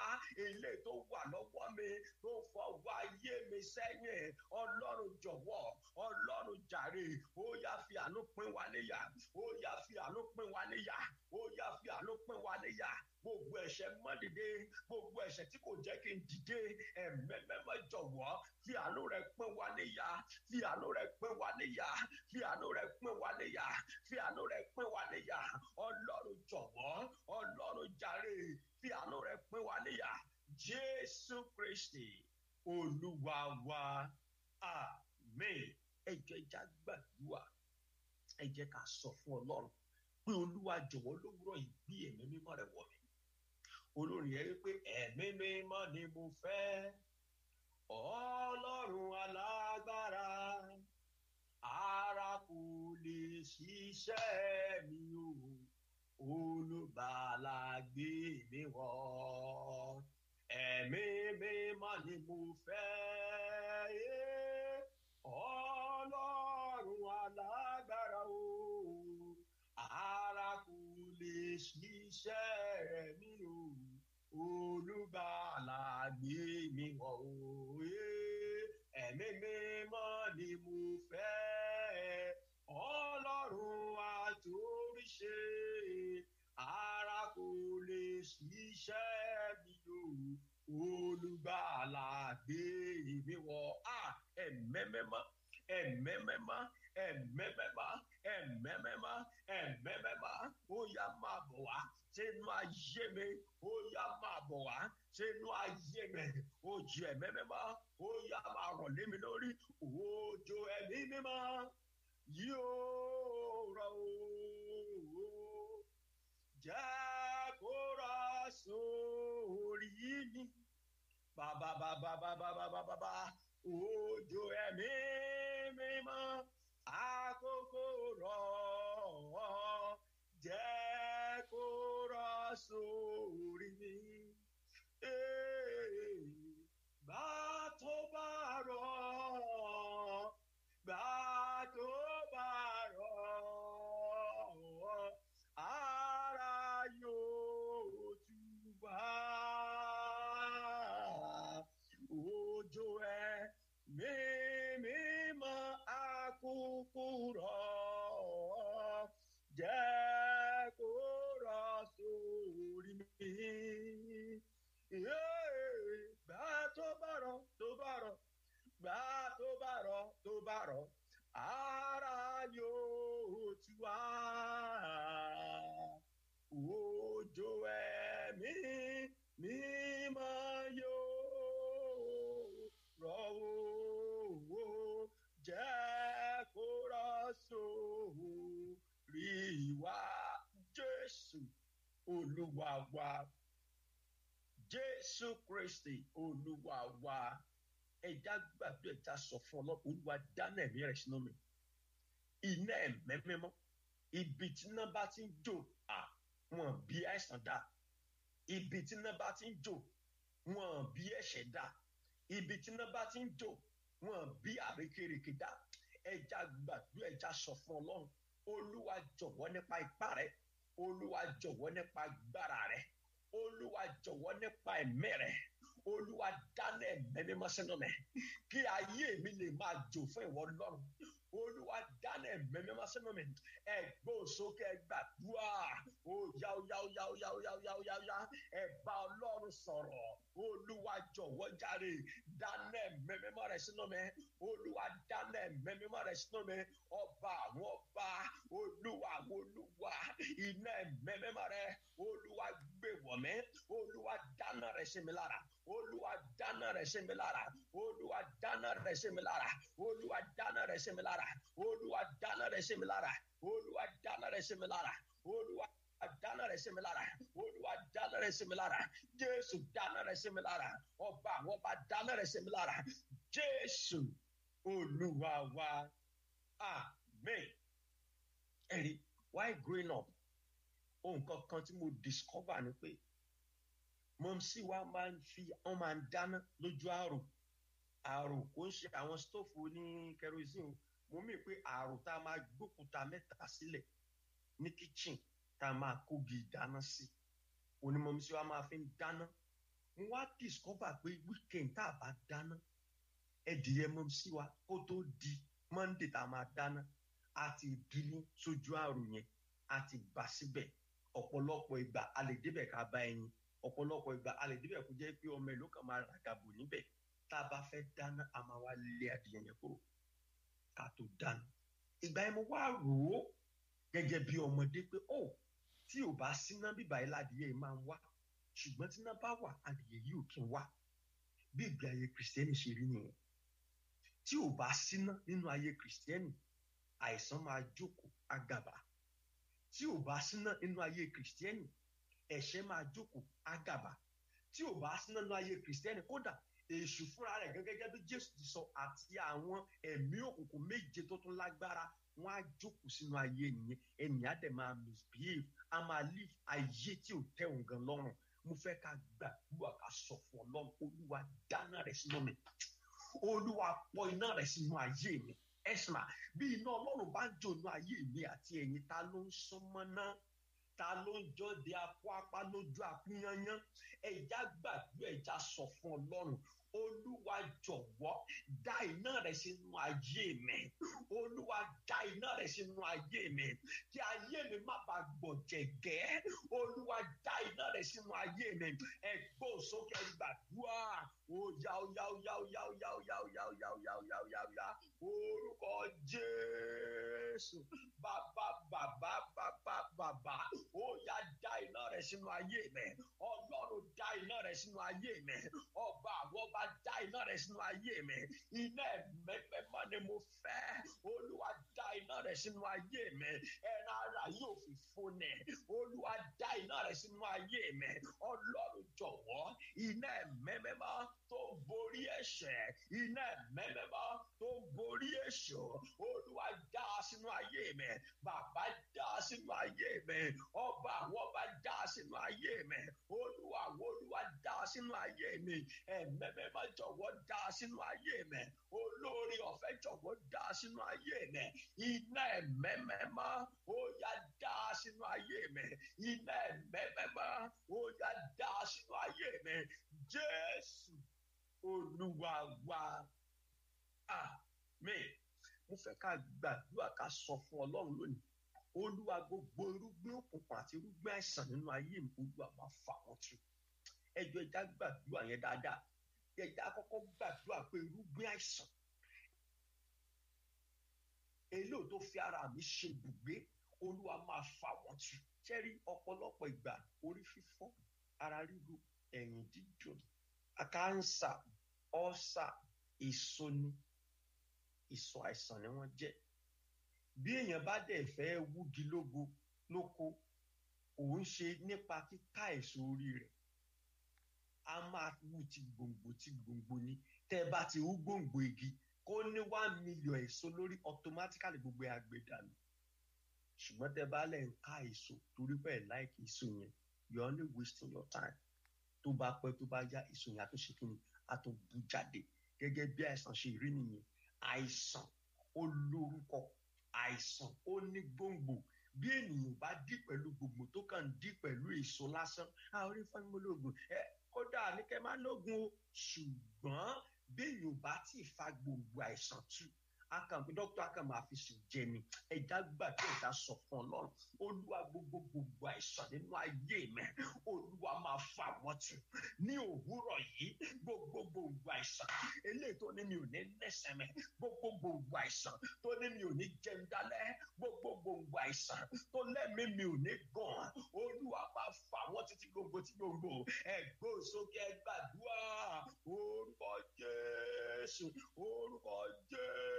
ilé tó wà lọ́wọ́ mi tó fọwọ́ ayé mi sẹ́yìn ọlọ́run jọ̀wọ́ ọlọ́run jàre ó yá fi àánú pín wa níyà ó yá fi àánú pín wa níyà ó yá fi àánú pín wa níyà gbogbo ẹ̀ṣẹ̀ mọ gbogbo ẹ̀ṣẹ̀ tí kò jẹ́ kí n dìde ẹmẹmẹmẹ jọ̀wọ́ fi àánú rẹ pín wa níyà fi àánú rẹ pín wa níyà fi àánú rẹ pín wa níyà fi àánú rẹ pín wa níyà Ọlọ́run jọ̀wọ́ Ọlọ́run jàre fi àánú rẹ̀ pín wá níyà jésù kristi olúwa wa àmín ẹ jọ̀ọ́ ẹjá gbàdúrà ẹ jẹ́ ká sọ fún ọlọ́run pé olúwa jọ̀wọ́ lówùúrọ̀ yìí bí ẹ̀mí mímọ́ rẹ̀ wọ̀ mí olórin wípé ẹ̀mí mímọ́ ni mo fẹ́ ọlọ́run alágbára ara kò lè ṣiṣẹ́ mi o olùgbàlà gbé mi wọ ẹ̀mí mímọ́ ni mo fẹ́ ọlọ́run alágbára o ara kò lè ṣiṣẹ́ rẹ̀ mi o olùgbàlà gbé mi wọ o ẹ̀mí ni mo fẹ́ ọlọ́run àtòrí ṣe ara kò lè ṣiṣẹ́ mi o olùgbàlà gbé èmi wọ ẹ̀mẹ́mẹ́mọ́ ẹ̀mẹ́mẹ́mọ́ ẹ̀mẹ́mẹ́má ẹ̀mẹ́mẹ́má ẹ̀mẹ́mẹ́má ó yá máa bọ̀ wá sínú ayé mi ó yá máa bọ̀ wá sínú ayé mi ó jẹ ẹ̀mẹ́mẹ́má ó yá máa rọ̀ lé mi lórí òjò ẹ̀mí mímọ́ yóò rau jagora sórí mi bàbá bàbá bàbá bàbá bàbá òjò ẹ̀mí mímọ́ àkókò rọ̀ jẹ́ kó rọ̀ sórí mi. bá tó bá rọ̀. gbà tó bá rọ̀ tó bá rọ̀ gbà tó bá rọ̀ tó bá rọ̀ ara yóò tú wá òjò ẹ̀mí mímọ́ yóò rọ̀ òwò jẹ́ kó rọ̀ sórí wá olúwa wa jésù kristi olúwa wa ẹja gbàdúrà ẹja sọ fún ọlọ́pàá olúwa dáná ẹ̀mí rẹ̀ sínú mi iná ẹ̀mẹ́ mímọ́ ibi tí iná bá ti ń jò à wọn bí àìsàn dà ibi tí iná bá ti ń jò wọn bí ẹ̀ṣẹ̀ dà ibi tí iná bá ti ń jò wọn bí àrékérekè dà ẹja gbàdúrà ẹja sọ fún ọlọ́run olúwa jọ̀wọ́ nípa ipá rẹ̀ olúwa jọ̀wọ́ nípa agbára rẹ olúwa jọ̀wọ́ nípa ẹ̀mí rẹ olúwa dáná ẹ̀mí mímọ́ sínú mi kí ayé mi lè máa jò fún ìwọ ọlọ́run olúwa dáná ẹ̀mẹ́ mímọ́ sínú mi ẹ gbóhùn sókè ẹ gbàdúrà ó yá ó yá ó yá ó yá ó yá ó yá ó yá ó yá ẹ bá ọlọ́run sọ̀rọ̀ olúwa jọ̀wọ́ jàre dáná ẹ̀mẹ́ mímọ́ rẹ̀ sínú mi dáná ẹ̀mẹ́ mímọ́ rẹ̀ sínú ọba àwọn ọba olúwa àwọn iná ẹ̀mẹ́ mímọ́ rẹ̀ olúwa gbé wọ̀ dáná rẹ̀ sí lára olúwa dáná rẹ̀ sí mi lára olúwa dáná rẹ̀ sí mi lára olúwa dáná rẹ̀ sí mi lára olúwa dáná rẹ̀ sí mi lára olúwa dáná rẹ̀ sí mi lára olúwa dáná rẹ̀ sí lára olúwa dáná rẹ̀ sí lára jésù dáná rẹ̀ sí lára ọba àwọn ọba dáná rẹ̀ sí lára jésù olúwa wa amen ẹ̀rí why growing up ohun kankan tí mo discover ni pé mọ̀mísì wa máa ń fi wọ́n máa ń dáná lójú àrò àrò kò ń ṣe àwọn stóòfù ní kerosene mo mì pé àrò tá a máa gbókúta mẹ́ta sílẹ̀ ní kitchen tá a máa kógi ìdáná sí òní mọ̀mísì wa máa fi ń dáná mo wá discover pé weekend tá a bá dáná ẹdìyẹ mọ̀mísì wa kó tó di monday tá a máa dáná àti ìdílé sójú àrò yẹn àti gbà síbẹ̀ ọ̀pọ̀lọpọ̀ ìgbà a lè débẹ̀ ká bá ẹyin ọ̀pọ̀lọpọ̀ ìgbà a lè débẹ̀ kó jẹ́ pé ọmọ ẹ̀ ló kàn máa ràgàbò níbẹ̀ tá a bá fẹ́ dáná a máa wá lé adìyẹ yẹn kúrò ká tó dáná ìgbà yẹn mo wá rò ó gẹ́gẹ́ bí ọmọdé pé ó tí ò bá síná bíbá yìí ládìyẹ yìí máa ń wá ṣùgbọ́n tí iná bá wà adìyẹ yìí ò kí ń wà bí ìgbé ayé kìrìsìtẹ́nì ṣe rí nìyẹn tí ò bá síná nínú ayé kìrìsìtẹ́nì àìsàn máa jókòó àgàbà tí ò bá síná nínú ayé kìrìsìtẹ́nì ẹ̀ṣẹ̀ máa jókòó àgàbà tí ò bá sí nínú ayé kìrìsìtẹ́nì kódà èṣù fúnra rẹ̀ gẹ́gẹ́ bí jésù ti sọ àti àwọn ẹ̀mí òkùnkùn méje tó tún lágbára wọn á jókòó sínú ayé nìyẹn ènìyàn á dẹ̀ máa misbehave á máa live ayé tí ò tẹ́ òun gan lọ́rùn mo fẹ́ ká gbàdúrà ká sọ fún ọlọ́run olúwa dáná rẹ̀ sínú mi olúwa pọ iná rẹ̀ sínú ayé mi ẹ̀sìn bí iná ọlọ́run bá ń jò nínú ayé mi àti ẹ̀yin ta ló ń sọmọ náà ta ló ń jọde akọ apá lójú akúnyányán ẹja gbàdúrà ẹja sọ fún ọlọ́run olúwa jọ̀wọ́ dá iná rẹ̀ sínú ayé mi olúwa da iná rẹ̀ sínú ayé mi kí ayé mi má bàa gbọ̀jẹ̀gẹ́ olúwa da iná rẹ̀ sínú ayé mi ẹgbẹ́ òsókè gbàdúrà oya oya oya oya oya oya oya oya oya oya oya orúkọ jẹ́ jésù bàbá bàbá bàbá bàbá ó yá dá iná rẹ̀ sínú ayé mi ọlọ́run dá iná rẹ̀ sínú ayé mi ọba àwọn ọba dá iná rẹ̀ sínú ayé mi iná ẹ̀mẹ́mẹ́mọ́ ni mo fẹ́ olúwa dá iná rẹ̀ sínú ayé mi ẹran ara yóò fi fúnni olúwa dá iná rẹ̀ sínú ayé mi ọlọ́run jọ̀wọ́ iná ẹ̀mẹ́mẹ́mọ́ tó borí ẹ̀ṣẹ̀ iná ẹ̀mẹ́mẹ́mọ́ tó borí èṣù olúwa dá sínú. sínú ayé mi bàbá dá sínú ayé mi ọba àwọn ọba dá my ye man, olúwa àwọn olúwa dá sínú ayé mi ẹ̀mẹ́mẹ́ máa jọ̀wọ́ dá sínú ayé mi olórí ọ̀fẹ́ jọ̀wọ́ dá sínú ayé mi iná ẹ̀mẹ́mẹ́ máa ó yá dá sínú ayé mi iná ẹ̀mẹ́mẹ́ máa ó yá ye man, Jesus, oh, oh, oh do I wa. Amém. mo fẹ́ ká gbàdúrà ká sọ fún ọlọ́run lónìí olúwa gbogbo irúgbìn òkùnkùn àti irúgbìn àìsàn nínú ayé mi olúwa máa fà wọ́n tu ẹjọ́ ẹja gbàdúrà yẹn dáadáa ẹja kọ́kọ́ gbàdúrà pé irúgbìn àìsàn eléyìí tó fi ara mi ṣe ibùgbé olúwa máa fà wọ́n tu ṣẹ́rí ọ̀pọ̀lọpọ̀ ìgbà orí fífọ́ ara ríro ẹ̀yìn dídùn àkáǹsà ọ̀sà ìsoni ìsọ̀ àìsàn ni wọ́n jẹ́ bí èèyàn bá dẹ̀ fẹ́ wúgi lógo lóko òun ṣe nípa kíká èso orí rẹ̀ a máa wù ti gbòǹgbò ti gbòǹgbò ni tẹ́ bá ti hú gbòǹgbò igi kó ní one million èso lórí automatically gbogbo àgbẹ̀ dànù ṣùgbọ́n tẹ́ bá lẹ̀ ń ká èso torí pé láìkí èso yẹn you are only wasting your time tó bá pẹ́ tó bá yá èso yẹn àtúnṣe kí ni a tó bu jáde gẹ́gẹ́ bí àìsàn ṣe rí nìyẹn àìsàn ó lórúkọ àìsàn ó ní gbòǹgbò bí ènìyàn bá dí pẹ̀lú gbòǹgbò tó kàn dí pẹ̀lú èso lásán àwọn onífọ́nmi ẹ kódà ní kẹ́ máa lóògùn ṣùgbọ́n bí ènìyàn bá ti fa gbòǹgbò àìsàn tú akànpé dókítà akàn máa fi sùn jẹ ni ẹja gbàdúrà ìta sọ fún Ọlọ́run olúwa gbogbo gbogbo àìsàn nínú ayé mi olúwa máa fà wọ́n tì ní òwúrọ̀ yìí gbogbo gbogbo àìsàn eléyìí tó ní mi ò ní lẹ́sẹ̀ mi gbogbo gbogbo àìsàn tó ní mi ò ní jẹun dálẹ̀ gbogbo gbogbo àìsàn tó lẹ́mìí mi ò ní gàn olúwa máa fà wọ́n títí gbogbo tí gbogbo ẹgbẹ́ òsókè gbàdúrà orúkọ Jésù ó.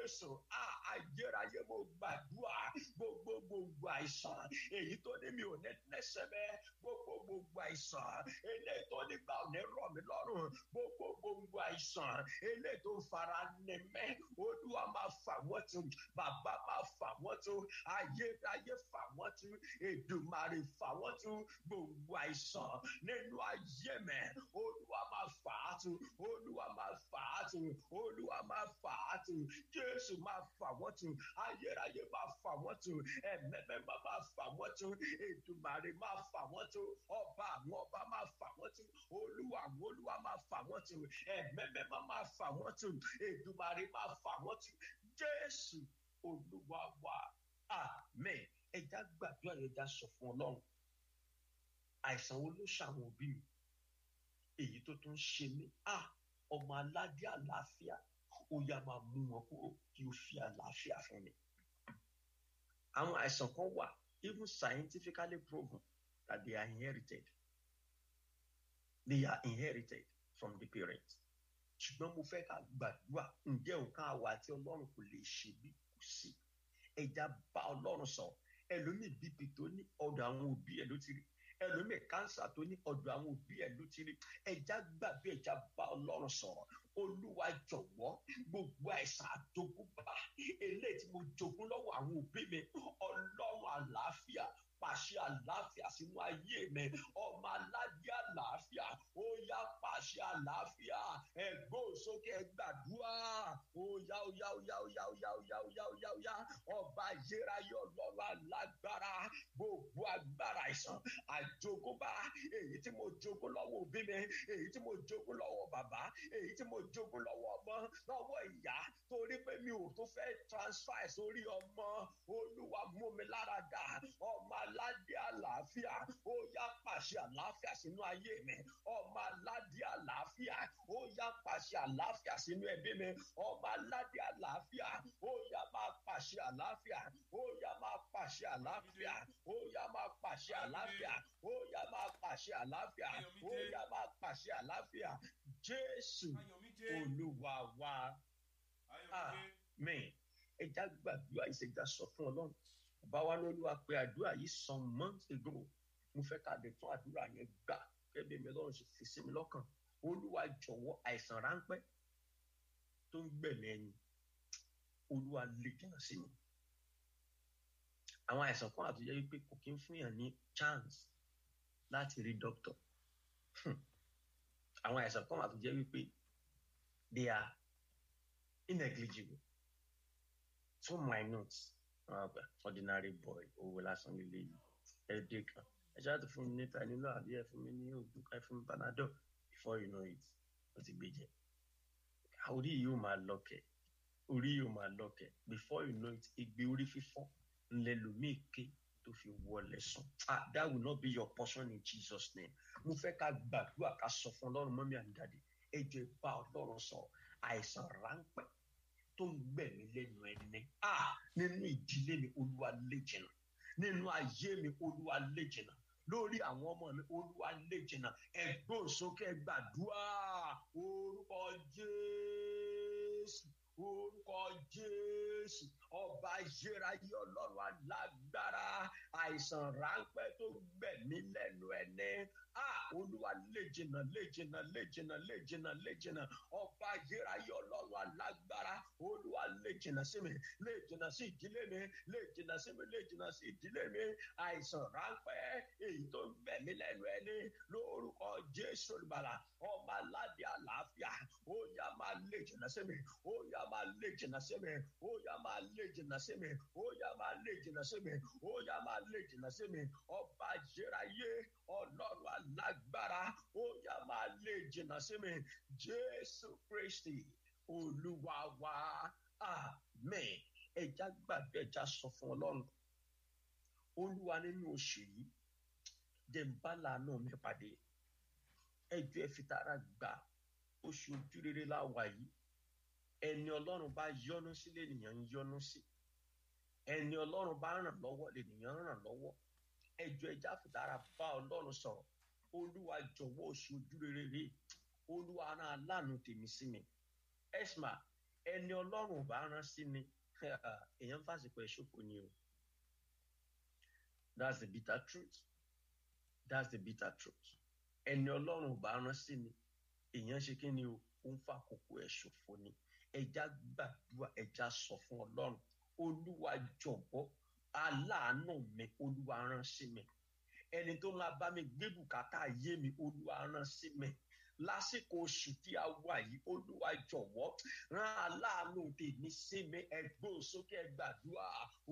reversal. Ah, ayérayé mo gbàdúrà gbogbo gbogbo àìsàn èyí tó ní mi ò ní lẹ́sẹ̀ mẹ́ gbogbo gbogbo àìsàn eléyìí tó ní gbà ò ní rọ̀ mí lọ́rùn gbogbo gbogbo àìsàn eléyìí tó fara ní mẹ́ olúwa máa fà wọ́n tu bàbá máa fà wọ́n tu ayérayé fà wọ́n tu èdùmarè fà wọ́n tu gbogbo àìsàn nínú ayé mẹ́ olúwa máa fà á tu olúwa máa fà á tu olúwa máa fà á tu jésù máa fà wọ́n wọ́n tì ayérayé máa fà wọ́n tì ẹ̀mẹ́mẹ́ máa fà wọ́n tì èdùmàrè máa fà wọ́n tì ọba àwọn ọba máa fà wọ́n tì olúwa àwọn olúwa máa fà wọ́n tì ẹ̀mẹ́mẹ́ máa fà wọ́n tì èdùmàrè máa fà wọ́n tì jésù olúwa wa amen ẹja gbàdúrà ẹja sọ fún ọlọ́run àìsàn wo ló ṣàwọn òbí mi èyí tó tún ṣe mí ah! ọmọ aládé àlàáfíà ó yá máa mú wọn kúrò kí o fi àlàáfíà fún mi. àwọn àìsàn kan wà even scientifically proven that they are inherited they are inherited from the parents ṣùgbọ́n mo fẹ́ ká gbàdúrà ǹjẹ́ nǹkan àwa àti ọlọ́run kò lè ṣe bí kò sí ẹja bá ọlọ́run sọ ẹlòmíì bp tó ní ọ̀dọ̀ àwọn òbí ẹ̀ ló ti rí ẹlòmíì kánsà tó ní ọ̀dọ̀ àwọn òbí ẹ̀ ló ti rí ẹja gbàgbé ẹja bá ọlọ́run sọ̀rọ̀ olúwa jọ̀wọ́ gbogbo àìsàn àjogúnbá eléyìí tí mo jogún lọ́wọ́ àwọn òbí mi ọlọ́run àlàáfíà pàṣẹ àlàáfíà sínú ayé mi ọmọ aládé àlàáfíà ó yá pàṣẹ àlàáfíà ẹgbẹ́ òsókè ẹgbàdúrà ó yá ó yá ó yá ó yá ó yá ó yá ó yá ó yá ó yá ọba ayérayé ọlọ́run alágbára gbogbo agbára àìsàn àjogúnbá tí mo jogún lọ́wọ́ òbí mi èyí tí mo jogún lọ́wọ́ bàbá èyí tí mo jogún lọ́wọ́ ọmọ lọ́wọ́ ìyá torí pé mi ò tún fẹ́ transfer sórí ọmọ olúwa mú mi lára dà ọmọ aládé àlàáfíà ó yá pàṣẹ àlàáfíà sínú ayé mi ọmọ aládé àlàáfíà ó yá pàṣẹ àlàáfíà sínú ẹbí mi ọmọ aládé àlàáfíà ó yá máa pàṣẹ àlàáfíà ó yá máa pàṣẹ àlàáfíà ó yá máa pàṣẹ àlàáfíà ó yá máa pàṣẹ àlàáfíà àlàáfíà ó yá máa pàṣẹ àlàáfíà jésù olúwa wa àmín ẹja gbàdúrà ìṣèjà sọ fún ọlọ́run bàbá wa ní olúwa pé àdúrà yìí sàn mọ́ ìgbò mo fẹ́ ká lè tún àdúrà yẹn gbà kẹ́bí mi lọ́run ṣe fi sí mi lọ́kàn olúwa jọ̀wọ́ àìsàn ráńpẹ́ tó ń gbẹ̀mí ẹni olúwa lè jìnnà sí mi àwọn àìsàn kan àtúnjẹ wípé kò kí ń fún yàn ní chance láti rí dókítà hmm. àwọn àìsàn kan wà tó jẹ́ wípé they are innegligible too minute ordinary boy owó lásán líle yìí ẹdẹ kan ẹ ṣáà tó fún mi ní tanilo àbí ẹ fún mi ní oògùn ká ẹ fún mi panadol before you know it ó ti gbé jẹ orí yìí ó máa lọkẹ orí yìí máa lọkẹ before you know it ègbé orí fífọ́ ńlẹ lòmíì ké tó fi wọlé sùn ah that will not be your portion in Jesus name mo fẹ́ ká gbàdúrà ká sọ fún ọlọ́run mọ́mí àǹdàdì ẹjọ́ ìbá ọlọ́run sọ àìsàn ráńpẹ́ tó ń gbẹ̀mí lẹ́nu ẹni ah nínú ìdílé mi olúwa lè jìnnà nínú ayé mi olúwa lè jìnnà lórí àwọn ọmọ mi olúwa lè jìnnà ẹgbọn sókè gbàdúrà orúkọ jésù orúkọ jésù ọba ayérayé ọlọ́run alágbára àìsàn ráńpẹ́ tó gbẹ̀mí lẹ́nu ẹni olúwa lè jìnnà lè jìnnà lè jìnnà lè jìnnà lè jìnnà ọba ayérayé ọlọ́run alágbára olúwa lè jìnnà sí mi lè jìnnà sí ìdílé mi lè jìnnà sí mi lè jìnnà sí ìdílé mi àìsàn ráńpẹ́ èyí tó ń bẹ̀ mí lẹ́nu ẹni lórúkọ jésù olùbàlà ọba aládé àlàáfíà ó yá máa lè jìnnà sí mi ó yá máa lè jìnnà sí mi ó yá máa lè jìnnà sí mi ó yá máa lè jìnnà sí mi ó yá máa lè jìnnà sí mi ọba ayérayé ọlọ́run alágbára agbára oya yá máa lè jìnnà sí mi jésù kristi olúwa wa àmín ẹja gbàgbé ẹja sọ fún ọlọ́run olúwa nínú oṣù yìí dèmbá làánú mi pàdé ẹjọ́ ẹ fi tara gbà oṣù ojúrere la wà yìí ẹni ọlọ́run bá yọ́nú sí lènìyàn ń yọ́nú sí ẹni ọlọ́run bá ràn lọ́wọ́ lènìyàn ràn lọ́wọ́ ẹjọ́ ẹja fi tara bá ọlọ́run sọ̀rọ̀ olúwa jọ̀wọ́ ṣe ojú rere olúwa ara aláàánú tèmi sí mi esma ẹni ọlọ́run ò bá rán sí mi [laughs] èèyàn fásitì ẹ̀ ṣòfò ni o that's the bitter truth that's the bitter truth ẹni ọlọ́run ò bá rán sí mi èèyàn ṣe kí ni o ó ń fàkókò ẹ̀ ṣòfò ni ẹja gbàdúrà ẹja sọ fún ọlọ́run olúwa jọ̀wọ́ aláàánú mi olúwa rán sí mi ẹni tó máa bá mi gbé bùkátà ayé mi olúwa rán sí mi lásìkò oṣù tí a wà yìí olúwa jọ̀wọ́ rán aláàánú tèmi sí mi ẹgbọn sókè gbàdúrà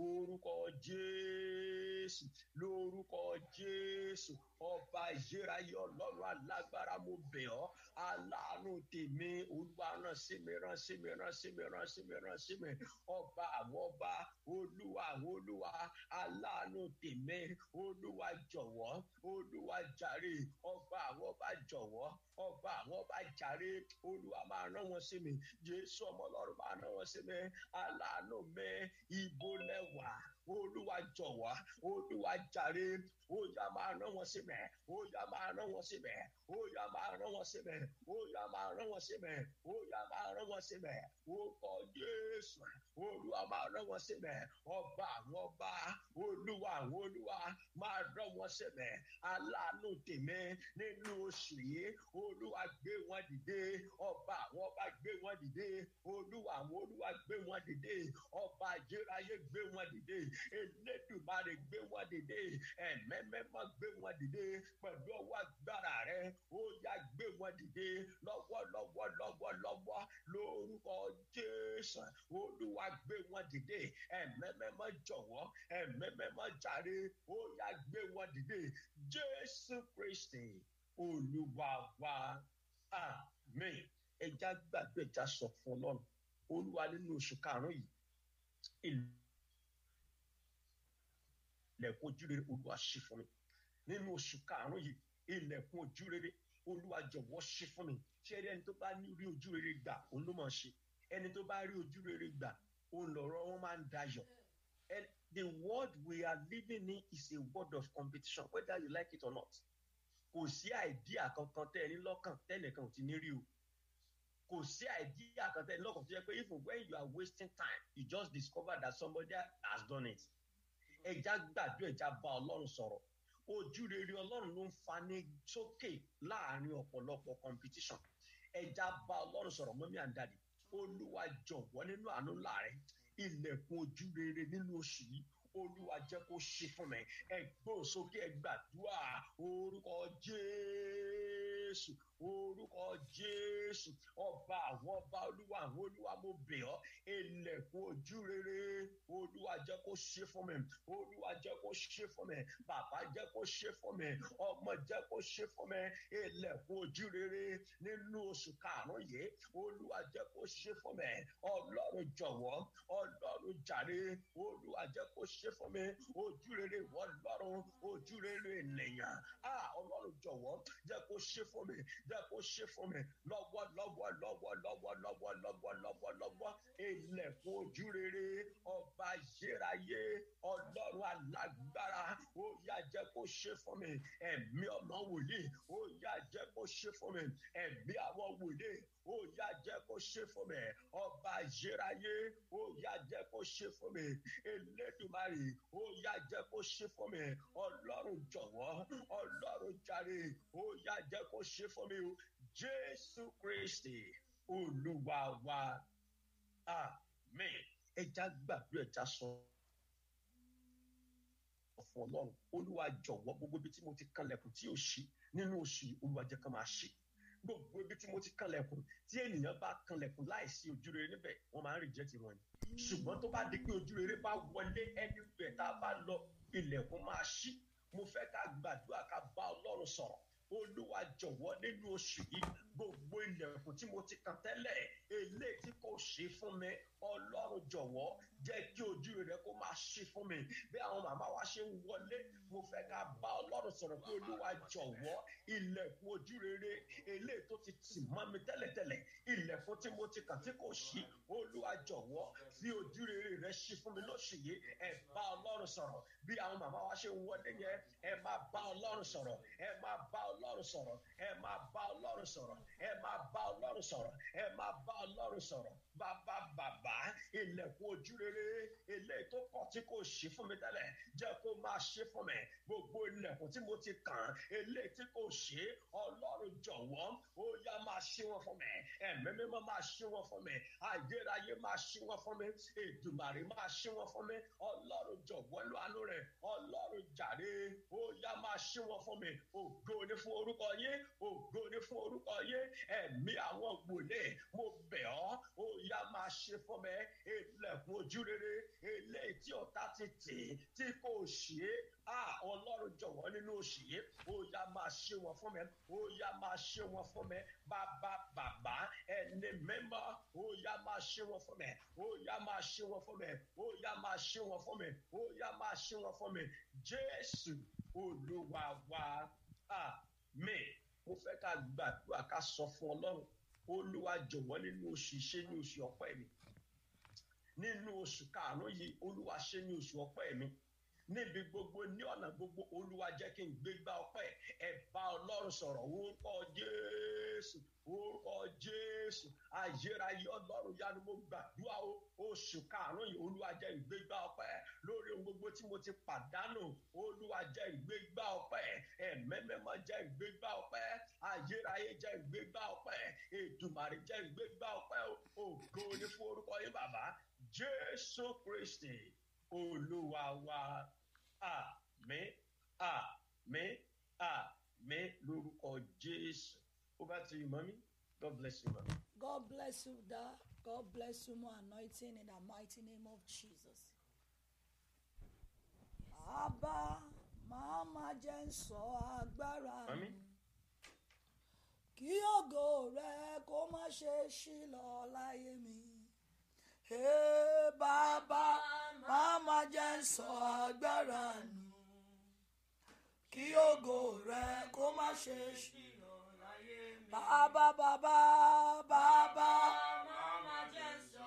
orúkọ jésù lórúkọ jésù ọba ìyérayé ọlọ́run alágbára mo bẹ̀ ọ́ aláàánú tèmi olúwa rán sí mi rán sí mi rán sí mi rán sí mi rán sí mi ọba àwọn ọba olúwa àwọn olúwa aláàánú tèmi olúwa jọ̀wọ́ olúwa jàre ọba àwọn ọba jọ̀wọ́ ọba àwọn ọba jàre olúwa máa rán wọn sí jésù ọmọ máa rán wọn sí aláàánú mi ibo lẹ́wàá olúwa jọ̀wọ́ olúwa jàre ó yá máa rán wọn síbẹ̀ ó yá máa rán wọn síbẹ̀ ó yá máa rán wọn síbẹ̀ ó yá máa rán wọn síbẹ̀ ó yá máa rán wọn síbẹ̀ ó kọ Jésù olúwa máa rán wọn síbẹ̀ ọba àwọn ọba olúwa àwọn olúwa máa rán wọn síbẹ̀ aláàánú tèmi nínú oṣù yìí olúwa gbé wọn dìde ọba àwọn ọba gbé wọn dìde olúwa àwọn olúwa gbé wọn dìde ọba àjẹráyé gbé wọn dìde elédùmarè gbé wọn dìde ẹ̀mẹ́mẹ́mọ́ gbé wọn dìde pẹ̀lú ọwọ́ agbára rẹ ó yá gbé wọn dìde lọ́wọ́lọ́wọ́ lọ́wọ́lọ́wọ́ lórúkọ jésù olúwa gbé wọn dìde ẹ̀mẹ́mẹ́mọ́ jọ̀wọ́ ẹ̀mẹ́mẹ́mọ́ jàre ó yá gbé wọn dìde jésù kristi olúwa wa àmín ẹja gbàgbé ẹja sọ fún ọlọ́run olúwa nínú oṣù karùn-ún yìí ìlú ilẹ̀kùn ojúrere olúwa ṣí fún mi nínú oṣù karùn-ún yìí ilẹ̀kùn ojúrere olúwa jọ̀wọ́ ṣí fún mi ṣé ẹni tó bá rí ojúrere gbà òun ló máa ṣe ẹni tó bá rí ojúrere gbà òun lọ̀rọ̀ wọn máa ń dayọ̀ the world we are living in is a world of competition whether you like it or not kò sí àìdíà kankan tẹ́ ẹ ní lọ́kàn tẹ́nìkan ò ti ní rí o kò sí àìdíà kankan tẹ́ ẹ ní lọ́kàn tó yẹ pé even when you are wasting time you just discover that somebody has done it ẹja gbàdúrà ẹja bá ọlọ́run sọ̀rọ̀ ojú rere ọlọ́run ló ń fani sókè láàrin ọ̀pọ̀lọpọ̀ competition ẹja bá ọlọ́run sọ̀rọ̀ mọ́mí àǹdàdì olúwa jọ̀wọ́ nínú àánú ńlá rẹ ilẹ̀kùn ojú rere nínú oṣù yìí olúwa jẹ́ kó ṣe fún mi ẹ gbóòsókè ẹ gbàdúrà orúkọ jésù orúkọ jésù ọba àwọn ọba olúwa àwọn olúwa mo bẹ̀ ọ́ ilẹ̀kùn ojú rere olúwa jẹ́ kó ṣe fún mi olúwa jẹ́ kó ṣe fún mi bàbá jẹ́ kó ṣe fún mi ọmọ jẹ́ kó ṣe fún mi ilẹ̀kùn ojú rere nínú oṣù karùn yìí olúwa jẹ́ kó ṣe fún mi ọlọ́run jọ̀wọ́ ọlọ́run jàre olúwa jẹ́ kó ṣe fún mi ojú rere wọ́n ojú rere ènìyàn ah, ọlọ́run jọ̀wọ́ jẹ́ kó ṣe fún mi jẹ́ kó ṣe fún mi lọ́wọ́ lọ́wọ́ lọ́wọ́ lọ́wọ́ lọ́wọ́ lọ́wọ́ lọ́wọ́ lọ́wọ́ ilẹ̀kùn ojú rere ọba yérayé ọlọ́run alágbára ó yá jẹ́ kó ṣe fún mi ẹ̀mí ọmọ wòlíì ó yá jẹ́ kó ṣe fún mi ẹ̀mí àwọn wòlíì ó yá jẹ́ kó ṣe fún mi ọba yérayé ó yá jẹ́ kó ṣe fún mi elédùmarè ó yá jẹ́ kó ṣe fún mi ọlọ́run jọ̀wọ́ ọlọ́run jàre ó yá jẹ́ kó ṣe fún mi o jésù kristi olúwa wa amen ẹja gbàdúrà ẹja sọ ọ̀fọ̀ ọlọ́run olúwa jọ̀wọ́ gbogbo ibi tí mo ti kanlẹ̀kùn tí ò ṣí nínú oṣù olúwa jẹ́ kan máa ṣí gbogbo ibi tí mo ti kanlẹ̀kùn tí ènìyàn bá kanlẹ̀kùn láìsí ojúrere níbẹ̀ wọ́n máa ń rìjẹ́tì wọn ni ṣùgbọ́n tó bá di pé ojúrere bá wọlé ẹni bẹ̀ tá a bá lọ ilẹ̀kùn máa ṣí mo fẹ́ ká gbàdúrà ká bá ọlọ́run sọ̀rọ̀ olúwa jọ̀wọ́ nínú oṣù yìí gbogbo ilẹ̀kùn tí mo ti kàn tẹ́lẹ̀ eléyìí tí kò ṣe fún mi ọlọ́run jọ̀wọ́ jẹ́ kí ojú rẹ kó máa ṣe fún mi bí àwọn màmá wa ṣe ń wọlé mo fẹ́ ká bá ọlọ́run sọ̀rọ̀ pé olúwa jọ̀wọ́ ilẹ̀kùn ojú rere eléyìí tó ti tì mọ́ mi tẹ́lẹ̀tẹ́lẹ̀ ilẹ̀kùn tí mo ti kàn tí kò ṣí olúwa jọ̀wọ́ tí ojú rere rẹ ṣí fún mi lóṣù yìí ẹ bá ọlọ́run sọ̀rọ̀ bí àwọn màmá wa ṣe ń wọlé yẹn ẹ máa bá ọlọ́run sọ̀rọ̀ ẹ máa bá ọlọ́run sọ̀rọ̀ ẹ máa bá ọlọ́run sọ̀rọ̀ ẹ máa bá ọlọ́run sọ̀rọ̀ ẹ máa bá ọlọ́run sọ̀rọ̀ bàbá bàbá ilẹ̀kùn ojú rere eléyìí tó kọ̀ tí kò ṣí fún mi tẹ́lẹ̀ jẹ́ kó máa ṣí fún mi gbogbo ilẹ̀kùn tí mo ti kàn eléyìí tí kò ṣí ọlọ́run jọ̀wọ́ ó yá máa ṣí wọn fún mi ẹ̀mí mímọ́ máa ṣí wọn fún mi àgbéráyé máa ṣí wọn fún mi èdùmàrè máa ṣí wọn fún mi ọlọ́run jọ̀wọ́ ló àánú rẹ̀ ọlọ́run jàre ó yá máa ṣí wọn fún mi ògo ni fún orúkọ yín ògo ni fún orúkọ yín ẹ̀mí àwọn gbòlẹ̀ mo b bẹ̀ ọ́ ó yá máa ṣe fọmọ ẹ ilẹ̀kùn ojú rere eléyìí tí ọ̀tá ti tì tí kò ṣe é ọlọ́run jọ̀wọ́ nínú òṣì yìí ó yá máa ṣe wọn fún mi ó yá máa ṣe wọn fún mi bàbá bàbá ẹni mímọ́ ó yá máa ṣe wọn fún mi ó yá máa ṣe wọn fún mi ó yá máa ṣe wọn fún mi ó yá máa ṣe wọn fún jésù olúwa wa àmín mo fẹ́ ká gbàdúrà ká sọ fún ọlọ́run olúwa jọ̀wọ́ nínú oṣù ṣe ní oṣù ọpẹ́ mi nínú oṣù karùnún yìí olúwa ṣe ní oṣù ọpẹ́ mi níbi gbogbo ní ọ̀nà gbogbo olúwa jẹ́ kí n gbégbá ọpẹ́ ẹ bá ọlọ́run sọ̀rọ̀ orúkọ jésù orúkọ jésù ayérayé ọlọ́run yanu mo gbàdúrà oṣù karùnún yìí olúwa jẹ́ n gbégbá ọpẹ́ lórí ohun gbogbo tí mo ti pàdánù olúwa jẹ́ ìgbégbá ọpẹ́ ẹ̀mẹ́mẹ́mọ́ jẹ́ ìgbégbá ọpẹ́ ayérayé jẹ́ ìgbégbá ọpẹ́ èdùmàrè jẹ́ ìgbégbá ọpẹ́ ògo ni fún orúkọ yín bàbá jésù kristi olúwa wa àmín àmín àmín lórúkọ jésù over to you mommy god bless you mommy. god bless you da god bless you more anointing in the mighty name of jesus àbá mama, jenso agbara. ń sọ agbára mi kí ògo rẹ kó má ṣe ṣí lọ láyé mi. Ee bàbá màá máa jẹ́ nù kí ògo rẹ kó má ṣe ṣí lọ láyé mi. Bàbá bàbá bàbá màá máa jẹ́ nù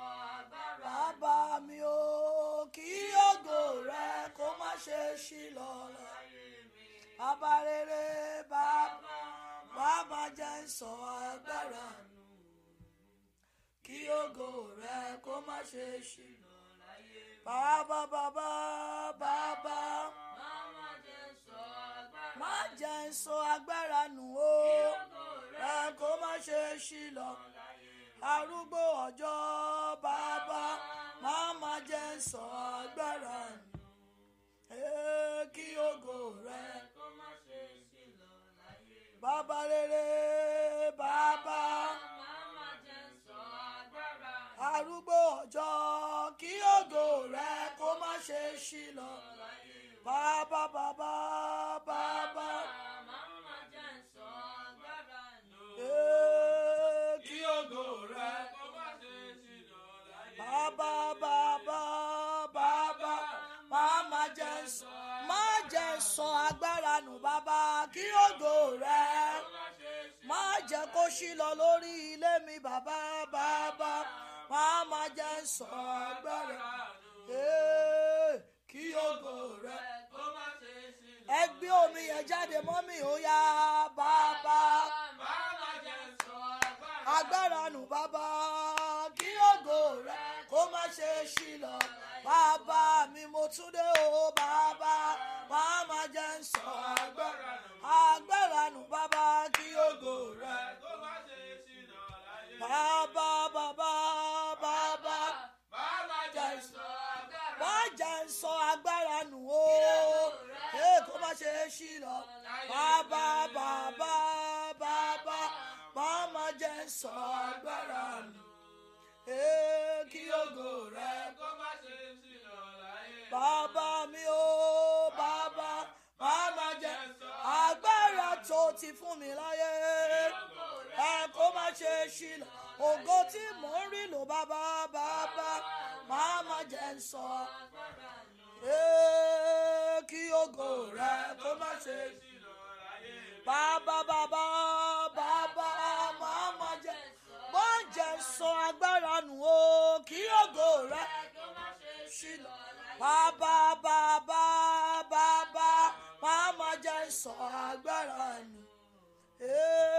bàbá mi ooo kí ògo rẹ kó má ṣe ṣí lọ́lọ́ bàbá rere bàbá jẹ́ sọ agbára nù kí ògo rẹ kó má ṣe ṣí lọ láyé bàbá bàbá bàbá má jẹ́ sọ agbára nù o rẹ kó má ṣe ṣí lọ arúgbó ọjọ́ bàbá má má jẹ́ sọ agbára mi kí ògo rẹ kó má ṣe sílọ láyé. bàbá rere bàbá má má jẹ́ sọ agbára arúgbó ọjọ́ kí ògo rẹ kó má ṣe sílọ láyé. bàbá bàbá bàbá. bàbá. bàbá bàbá bàbá má má jẹ́ sọ má jẹ́ sọ agbára nù bàbá kí ògo rẹ má jẹ́ kó ṣí lọ lórí ilé mi bàbá bàbá má má jẹ́ sọ agbára kí ògo rẹ ẹ omi yẹn jáde mọ́ mi ó yá bàbá agbára nù bàbá ṣe ṣìlọ bàbá mi mo tún dé o bàbá wàá máa jẹ ń sọ agbára nù agbára nù bàbá kí ògo rẹ tó bá ṣe ṣìlọ láyé bàbá bàbá bàbá bàbá jẹ ń sọ agbára bàbá jẹ ń sọ agbára nù o kó má ṣe ṣìlọ bàbá bàbá bàbá bàbá jẹ ń sọ agbára nù kí ògo rẹ kó má ṣe ṣìnà láyé. bàbá mi o bàbá màmá jẹ agbára tó ti fún mi láyé ẹ kó má ṣe ṣìnà ògo tí mò ń rí lò bàbá bàbá màmá jẹ ń sọ. kí ògo rẹ kó má ṣe ṣìnà láyé. bàbá bàbá bàbá sọ agbára nù o kí ògo rẹ sílọ bàbá bàbá bàbá má má jẹ́ sọ agbára nù.